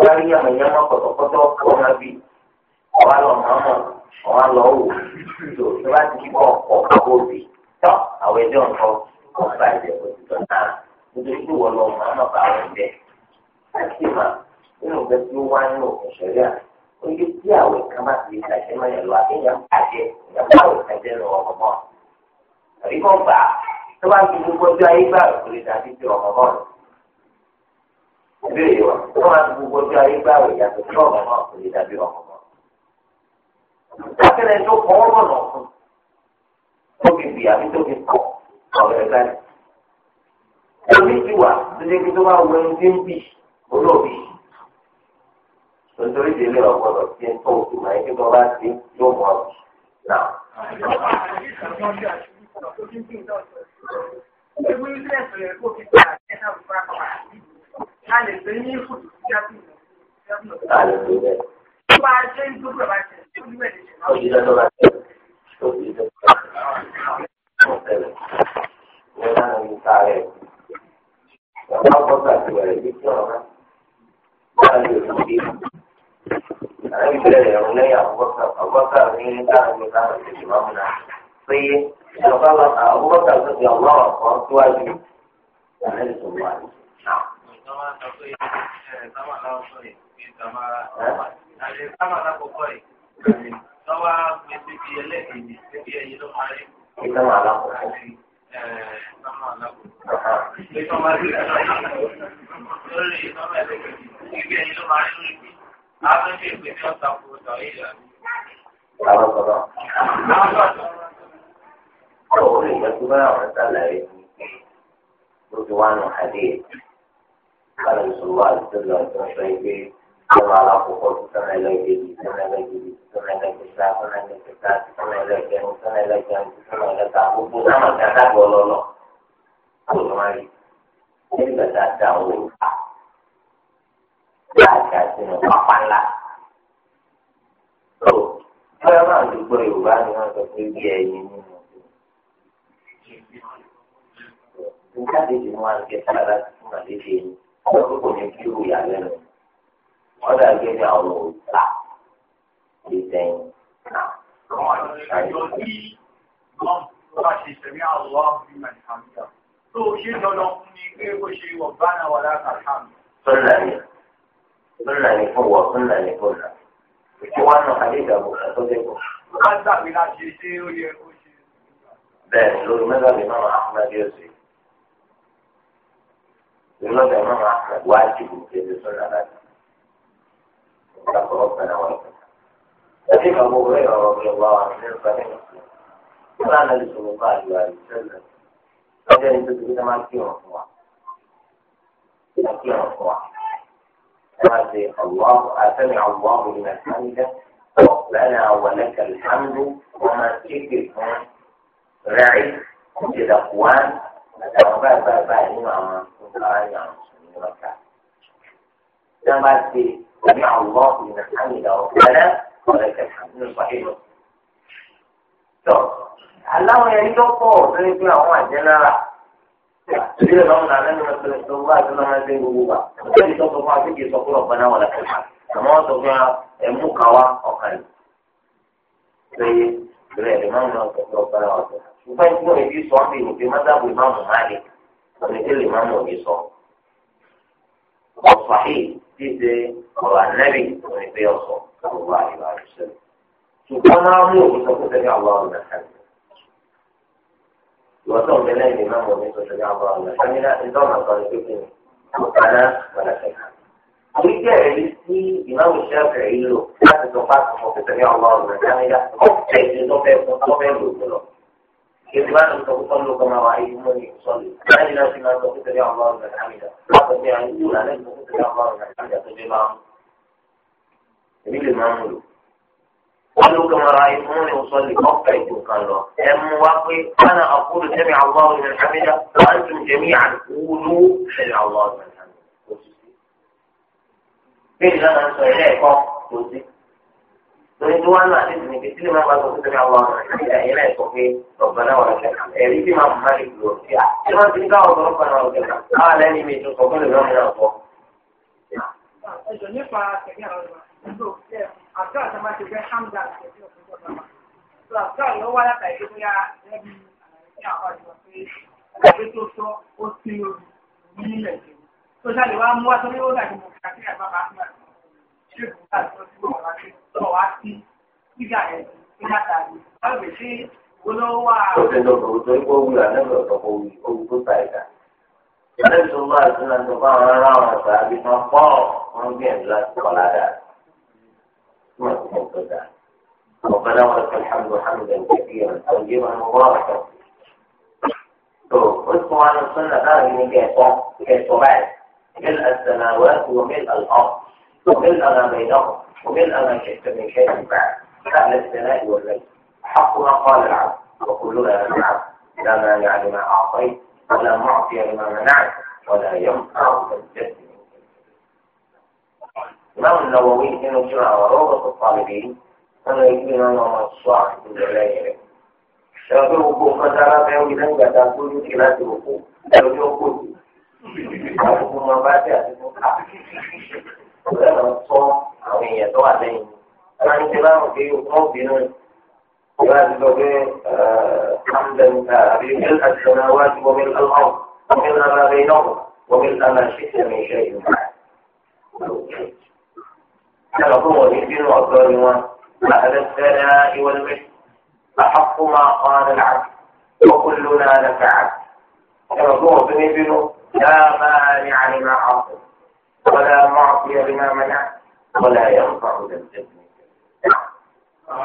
wọ́n rí àwọn èèyàn mọ́ pọ̀tọ̀pọ̀tọ̀ wọ́n máa bì wọ́n lọ mọ́mọ́ wọ́n lọ wò tó tó bá ti kíkọ́ ọ̀pọ̀ òbí tọ́ àwọn ẹjọ́ nǹkan wọ́n bá ẹ̀jẹ̀ pẹ̀lú náà nítorí pé wọ́n lọ mọ́mọ́ bá wọn bẹ̀. láti mà nínú bẹ́ẹ̀ tí ó wá nínú òkè sẹ́ríà ó yẹ kí àwẹ̀ kan má ti ṣàṣẹ mọ́yàn lọ àbẹ́yàn bàjẹ́ ìyàwó àwẹ̀ kan jẹ́ lọ ọmọ bọ́ọ̀ àbíkọ́ gbà tó bá ti gbogbo ọjọ́ ayé gbà ìbéèrè wa tó máa gbogbo ọjọ́ ayé gbá àwọn ìyàtọ̀ tí ọ̀gá náà kò lè dàbí ọmọ náà. Dákẹ́rẹ́ tó kọ́ ọ́ lọ́nà fún tó fi àbí tó fi kọ̀ ọ̀rọ̀ ẹ̀ka ti wà lóde kí tó máa wọ ẹni tí ń bì olóòbí. Nítorí délé ọ̀gbọ́dọ̀ tí ń tó òkú máa ń kí wọ́n bá ti yóò mọ̀ ọ́ náà. Ìgbésẹ̀ rẹ̀ kò fi gbà ẹ̀ náà fún a lè pè ní fòtò tí tó bá ìjọba àbúkọ́sà tó ti ọ̀gbọ́n ọ̀kan síwájú. ìyá wá sọ pé ẹ̀rẹ̀ sábà láwùjọ yìí ní ìjàmára àlẹ́ sábà lákòókò yìí lọ́wọ́ pé síbi ẹlẹ́kìnì síbi ẹ̀yìn ló máa rí sábà lákòókò àti sábà lákòókò. pé sọ́mà sí ẹ̀rọ lórí sọ́mà ẹlẹ́kìnì síbi ẹ̀yìn ló máa rí lórí bí abẹ́bí ìpè ní ọ̀sán kò tọ̀ yìí rà. nù àdéhùn. قال صلى الله عليه وسلم تشريكي كما على فقط سنة إليك سنة إليك سنة إليك سنة إليك سنة إليك سنة إليك سنة إليك gbogbo sáwọn kan dábọ̀ lọ́lọ́ kó ló máa rí nígbà tá a dá owó ìka láàjà sínú pápá ńlá. tó báyọ̀ náà ti gbọ́ Yorùbá ni wọ́n sọ pé bí ẹyin nínú ìlú. nǹkan àdéhùn wọn á ń kẹta láti fún àdéhùn ẹyin ọ̀rọ̀ tó kò ní kí irú ìyàlẹ́nu wọ́n dàgé ní àwọn òòtà lè sẹ́yìn Sọ́nà ni sọ́nà ni fún wọ̀ sọ́nà ni fún nà. Ìṣe wá náà adé ìdàgbò kan tó Bẹ́ẹ̀ni lórí mẹ́ta lè má máa fún ẹgbẹ́ يقول لك إمام أحمد واجب في السنة بعد ربنا ولك الحمد. فكيف أبو هريرة رضي الله عنه قال كما مسلم قال النبي صلى الله عليه وسلم رجل يدخل ما يكيم ما يكيم الصلاة كما الله أسمع الله لمن حمده ربنا ولك الحمد وما شكر رعي كل الأقوام láti àwọn báyìí báyìí báyìí nínú àwọn nǹkan ní àwọn mùsùlùmí lọ́kà. tí wọ́n bá ti tẹ̀lé àwọn ìrìnà àmìlà ọ̀gbẹ́rẹ́ ọ̀rẹ́ kẹta nínú pàdénù. tọ́ aláwọ̀ yẹn tó pọ̀ lórí pé àwọn àjẹ́ lára ilé ìlọ́run náà lẹ́nu ẹgbẹ́ tó wá àti náà lẹ́nu gbogbo wa ọjọ́ ìtọ́sọ fún akéèké sọ fún ọ̀gbọ́n náà wọlé kẹta àmọ́ wọ́n sọ fún ẹmú kan wá ọ̀kan yìí rẹ̀ ìmáàmù náà kọ̀ọ̀kan ọ̀kan náà ọ̀sẹ̀. ṣùgbọ́n ìgbọ́n rẹ̀ bí sọ bí òfin mọ́tàbù ìmáàmù Malik ọ̀nìdílé ìmáàmù òbí sọ. ọ̀fà yìí ti ṣe ọ̀rọ̀ ànẹ́bì òníbẹ̀ ọ̀sọ̀ ọ̀rọ̀ àyíwá àṣẹ. ṣùgbọ́n máa mú òbí sọ fún sẹ́kẹ̀ àwọn ọ̀nà sẹ́kẹ̀. ìwọ́sọ̀ ọ̀gbẹ́lẹ́ ìmáàmù òbí sọ sẹ́kẹ̀ oríṣi ẹ̀rí sí ìmáwò ṣẹ́fẹ̀ yìí lò láti sọ pé àtúntò pé tẹ̀lé ọ̀la ọ̀rọ̀ rẹ̀ dáníyà ọ̀pẹ̀ ìlú lọ́fẹ̀ lọ́fẹ̀ lò ó lọ. Èmi máa ń sọ pé tọ́lú ọkọ máa wà ayé mọ́ ní ìsọ̀lẹ̀. Láyé náà sì máa ń sọ pé tẹ̀lé ọ̀la ọ̀rọ̀ rẹ̀ dáníyà. Láti ọ̀pẹ̀ àyè ìlú lálẹ́ ìlú tẹ̀lé ọ̀la ọ̀rọ̀ rẹ̀ dáníyà tó dé máa ń. Èmi lè máa ń lò. Tọ́lú ọkọ máa wà ayé mọ́ ní ìsọ̀lẹ̀ ọ̀pẹ̀ ìlú kan lọ. Ẹ mú wá pé Bánà àkúrò tẹ̀lé ọ̀la ọ̀rọ̀ rẹ̀ dáníyà. Wọ́n á tún jẹ̀mí àdúgbò lọ́wọ́ tẹ̀lé ọ̀la ọ̀rọ̀ rẹ̀ bẹ́ẹ̀ náà ń sọ ilé ẹ̀kọ́ tó sí. torí tí wọ́n náà ti sìn ní kíkiri máa ń bá sọ fún sẹ́mi àwọn ọ̀rọ̀ ìṣẹ̀lẹ̀ ẹ̀kọ́ pé ọ̀gbọ́n náà wọ̀n ṣẹ̀ka ẹ̀rí tí máa ń má lè lò sí à. tí wọ́n ti ń ká ọ̀gbọ́n kan náà ṣẹ̀ka káwá lẹ́ni mi tún kọ̀ọ̀kan lè lọ́mọ náà kọ́. ẹ̀jọ̀ nípa tẹ̀lé àwọn ọ̀rọ̀ tó ṣáà lè wá mú wá sórí ó dàbí mo kà sí àgbà máa ń gbà ṣé kò bá tó ti wọ̀ wá sí olówó wà. ó ṣe lọ́kọ̀ tó ń gbọ́ wúlò àná lọ́kọ̀ ìdá. ìyáálé tó máa ti tó bá wọn rárá wọn ọ̀sà àbí wọn pọ̀ wọn gbìyànjú láti kọ̀ ládàá. ti mọ̀ tó dáa. ربنا ولك الحمد حمدا كثيرا طيبا مباركا. تو اذكر عن السنه هذه كيف كيف بعد ملء السماوات وملء الأرض وملء ما بينهم وملء ما شئت من شيء بعد أهل الثناء والمجد حق ما قال العبد وكلنا العبد لا مانع لما أعطيت ولا معطي لما منعت ولا ينفع الجد الإمام النووي إنه جمع وروضة الطالبين أنه يجب أن الصاحب من العلم شاكر وقوف مثلا فهو إذا كان تقول كلاس الوقوف àwọn ọmọ bá dé àdúgbò ká ó lẹ́nu sọ àwọn èèyàn tó wà lẹ́yìn aláǹ tí láwọn kì í wọ́n bínú ìwà àdúgbò pé àmdẹ́nta àbí mílí àdìsọ́nà wájú wọ́n mílí aláwọ̀ wọ́n mílí alábẹ́ iná wọ́n mílí aláṣẹ ìṣẹ̀mí iṣẹ́ ìlú. Ìjọba fún wọn ní bínú ọ̀dọ́ ni wọn láàrín fẹ́rẹ́ ìwọlé mẹ́sì. أحق ما قال العبد وكلنا لك عبد. Ìjọba fún wọn tún ní bínú لا مانع لما أعطيت ولا معطي لما منع ولا ينفع ذا الجد Wow,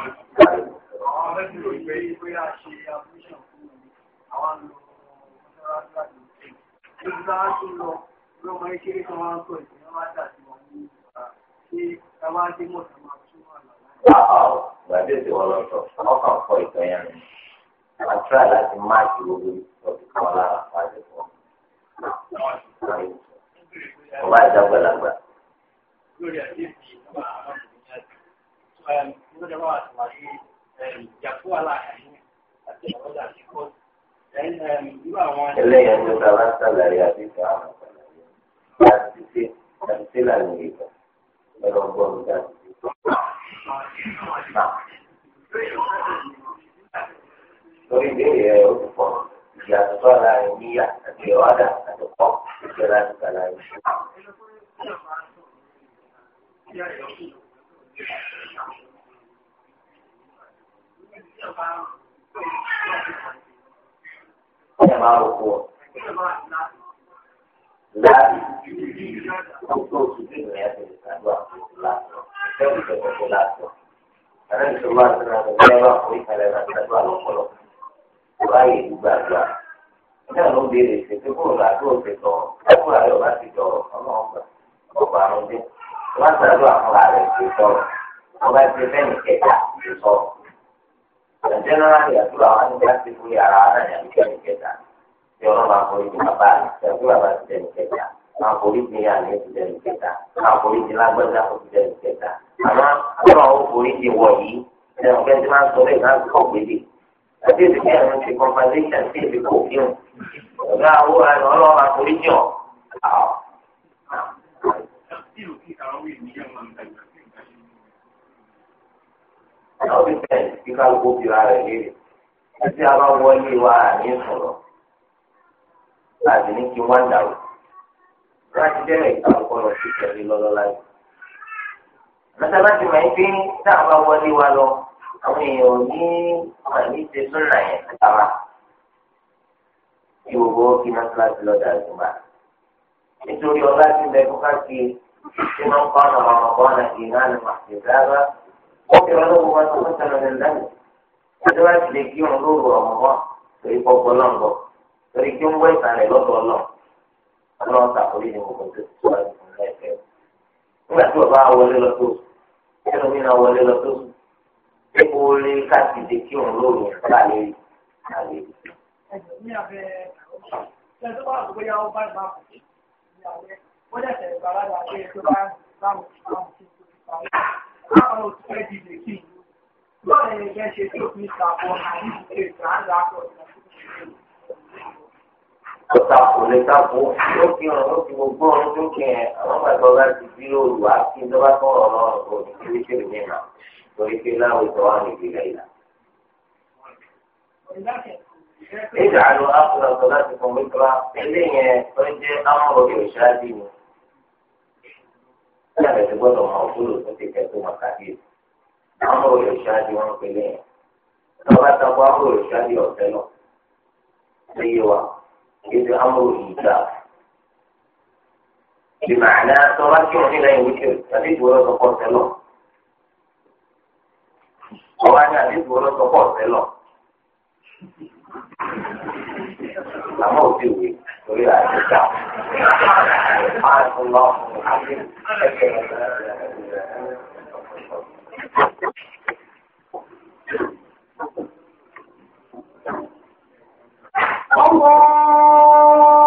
but this is all of us. How come for it? I am. I try ọba àjàgbàlagbà. lórí àdébí ọba sàlàyé àdìpọ̀ àwọn ọ̀sán láti ṣe láti ṣe lànà ìgbà lọ́dọ̀ gbọ́n dájú. lórí ìbéèrè ẹ̀ ó ti pọ̀. ìyàtọ̀ tó láàrin níyà àti ìwádà àti pọ́ ìṣe láti sàlàyé. Ẹ máa rò pọ̀. Láàbì gbogbo oṣù tí ìrìn àjò ìsàlùwà láàtọ̀. Ìfẹ́ ìfẹ́ ìfẹ́ láàtọ̀. Àrẹ́sọ̀rọ̀ àti ìrìn àjò ìsàlùwà kò ìkàlẹ̀ ìrìn àjò ìsàlùwà ráyè gbàgbà náà ló béèrè sí pé kó lọ àdúrà òfin tọrọ ẹkún àlọ ti tọrọ ọlọ́ọ̀gbà ọgbà àrùn dé wọn sàdúrà fún ààrẹ ti tọrọ wọn bá ti fẹ́ẹ̀ kẹta ti sọ̀rọ̀ jẹnẹrali àdúrà wọn ni wọn ti fúri ara ara yẹn kẹrin kẹta tí ọlọ́run máa forí ti bàbá rẹ àdúrà bá ti dẹnu kẹta máa forí ti yàn ní ti dẹnu kẹta máa forí ti lágbẹ́dá ó ti dẹnu kẹta àmọ́ ọlọ́run ó forí ti wọ̀ yìí ẹ̀rọ àti èsì pé àwọn ti conversation sí èsì kò fi hàn ọ̀gá àwọn àrùn ọlọ́run àforíjì ọ̀. Àwọn bí bẹ́ẹ̀ bí kálukú fi ra rẹ̀ léèrè. Títí a bá wọlé wa ní sọ̀rọ̀. Láti ní kí wọ́n dàrú. Láti bẹ̀rẹ̀ ìkàlùkọ́ lọ sí tẹ̀lé lọ́lọ́lá yìí. Mọ̀tàlá ti mọ̀ ẹ́ pé tá a bá wọlé wa lọ àwọn èèyàn ní àní ṣe súnà yẹn kàtàwà kí gbogbo kí mọ́tíláṣí lọ́dà àdúgbà nítorí ọlá tí bẹ kó ká kí ṣé máa ń kọ́ ọ̀nà ọ̀nà ọ̀gbọ́n náà kì í náà ní màṣẹ dára ó fi ọ̀nà owó wá tó ń sẹ́nu ní lẹ́nu ẹjọ́ bá lè kí òun lóru ọ̀mọ́ torí kọ́kọ́ lọ́ngọ̀ torí kí ń wọ ìsàlẹ̀ lọ́dọ̀ ọlọ́ọ̀ ọlọ́ọ̀ ni gbogbo tó ti wá ìsìn lẹ́ẹ̀kẹ́ nígbà tí ọba wọlé lọ ṣé kò rí káàkiri kí òun lóòrùn kọ́lá lè rí àlè. Ọ̀tà kò lè tako ló fi hàn ló fi gbogbo ọ̀run tó kẹ́ ẹ̀ àwọn gbàgbọ́ ti bí òòlù àti ìjọba tó rọ̀ lọ́rùn kò ní kí wíṣẹ́ torí pé láwùjọ wà níbi lẹ́yìnà. nígbà ló ápùlọ̀ ọ̀tọ̀ láti fún mi kọ́ra ilé yẹn tó jẹ́ amúrò yóò ṣáájú mi. ó yàtọ̀ sí gbọ́dọ̀ mọ òkúlù tó ti tẹ̀ tó mọ̀ kàdé. amúrò yóò ṣáájú wọn pé lẹ́yìn. lọ́ba takọ amúrò yóò ṣáájú ọ̀tẹ́ lọ. ṣé yé wa kí ni amúrò yìí gbà? ìmọ̀ àná tọ́ba kí wọn nílẹ̀ ìwé kí o tàbí ìwé ọ̀tọ̀ kọ́ ọ̀tẹ́ lọ ọba ní àdéhùn ọlọ́sọ̀kọ̀ ọ̀sẹ̀ lọ. àmọ́ òbí òwe torí àdéhùn máa tún lọ Allah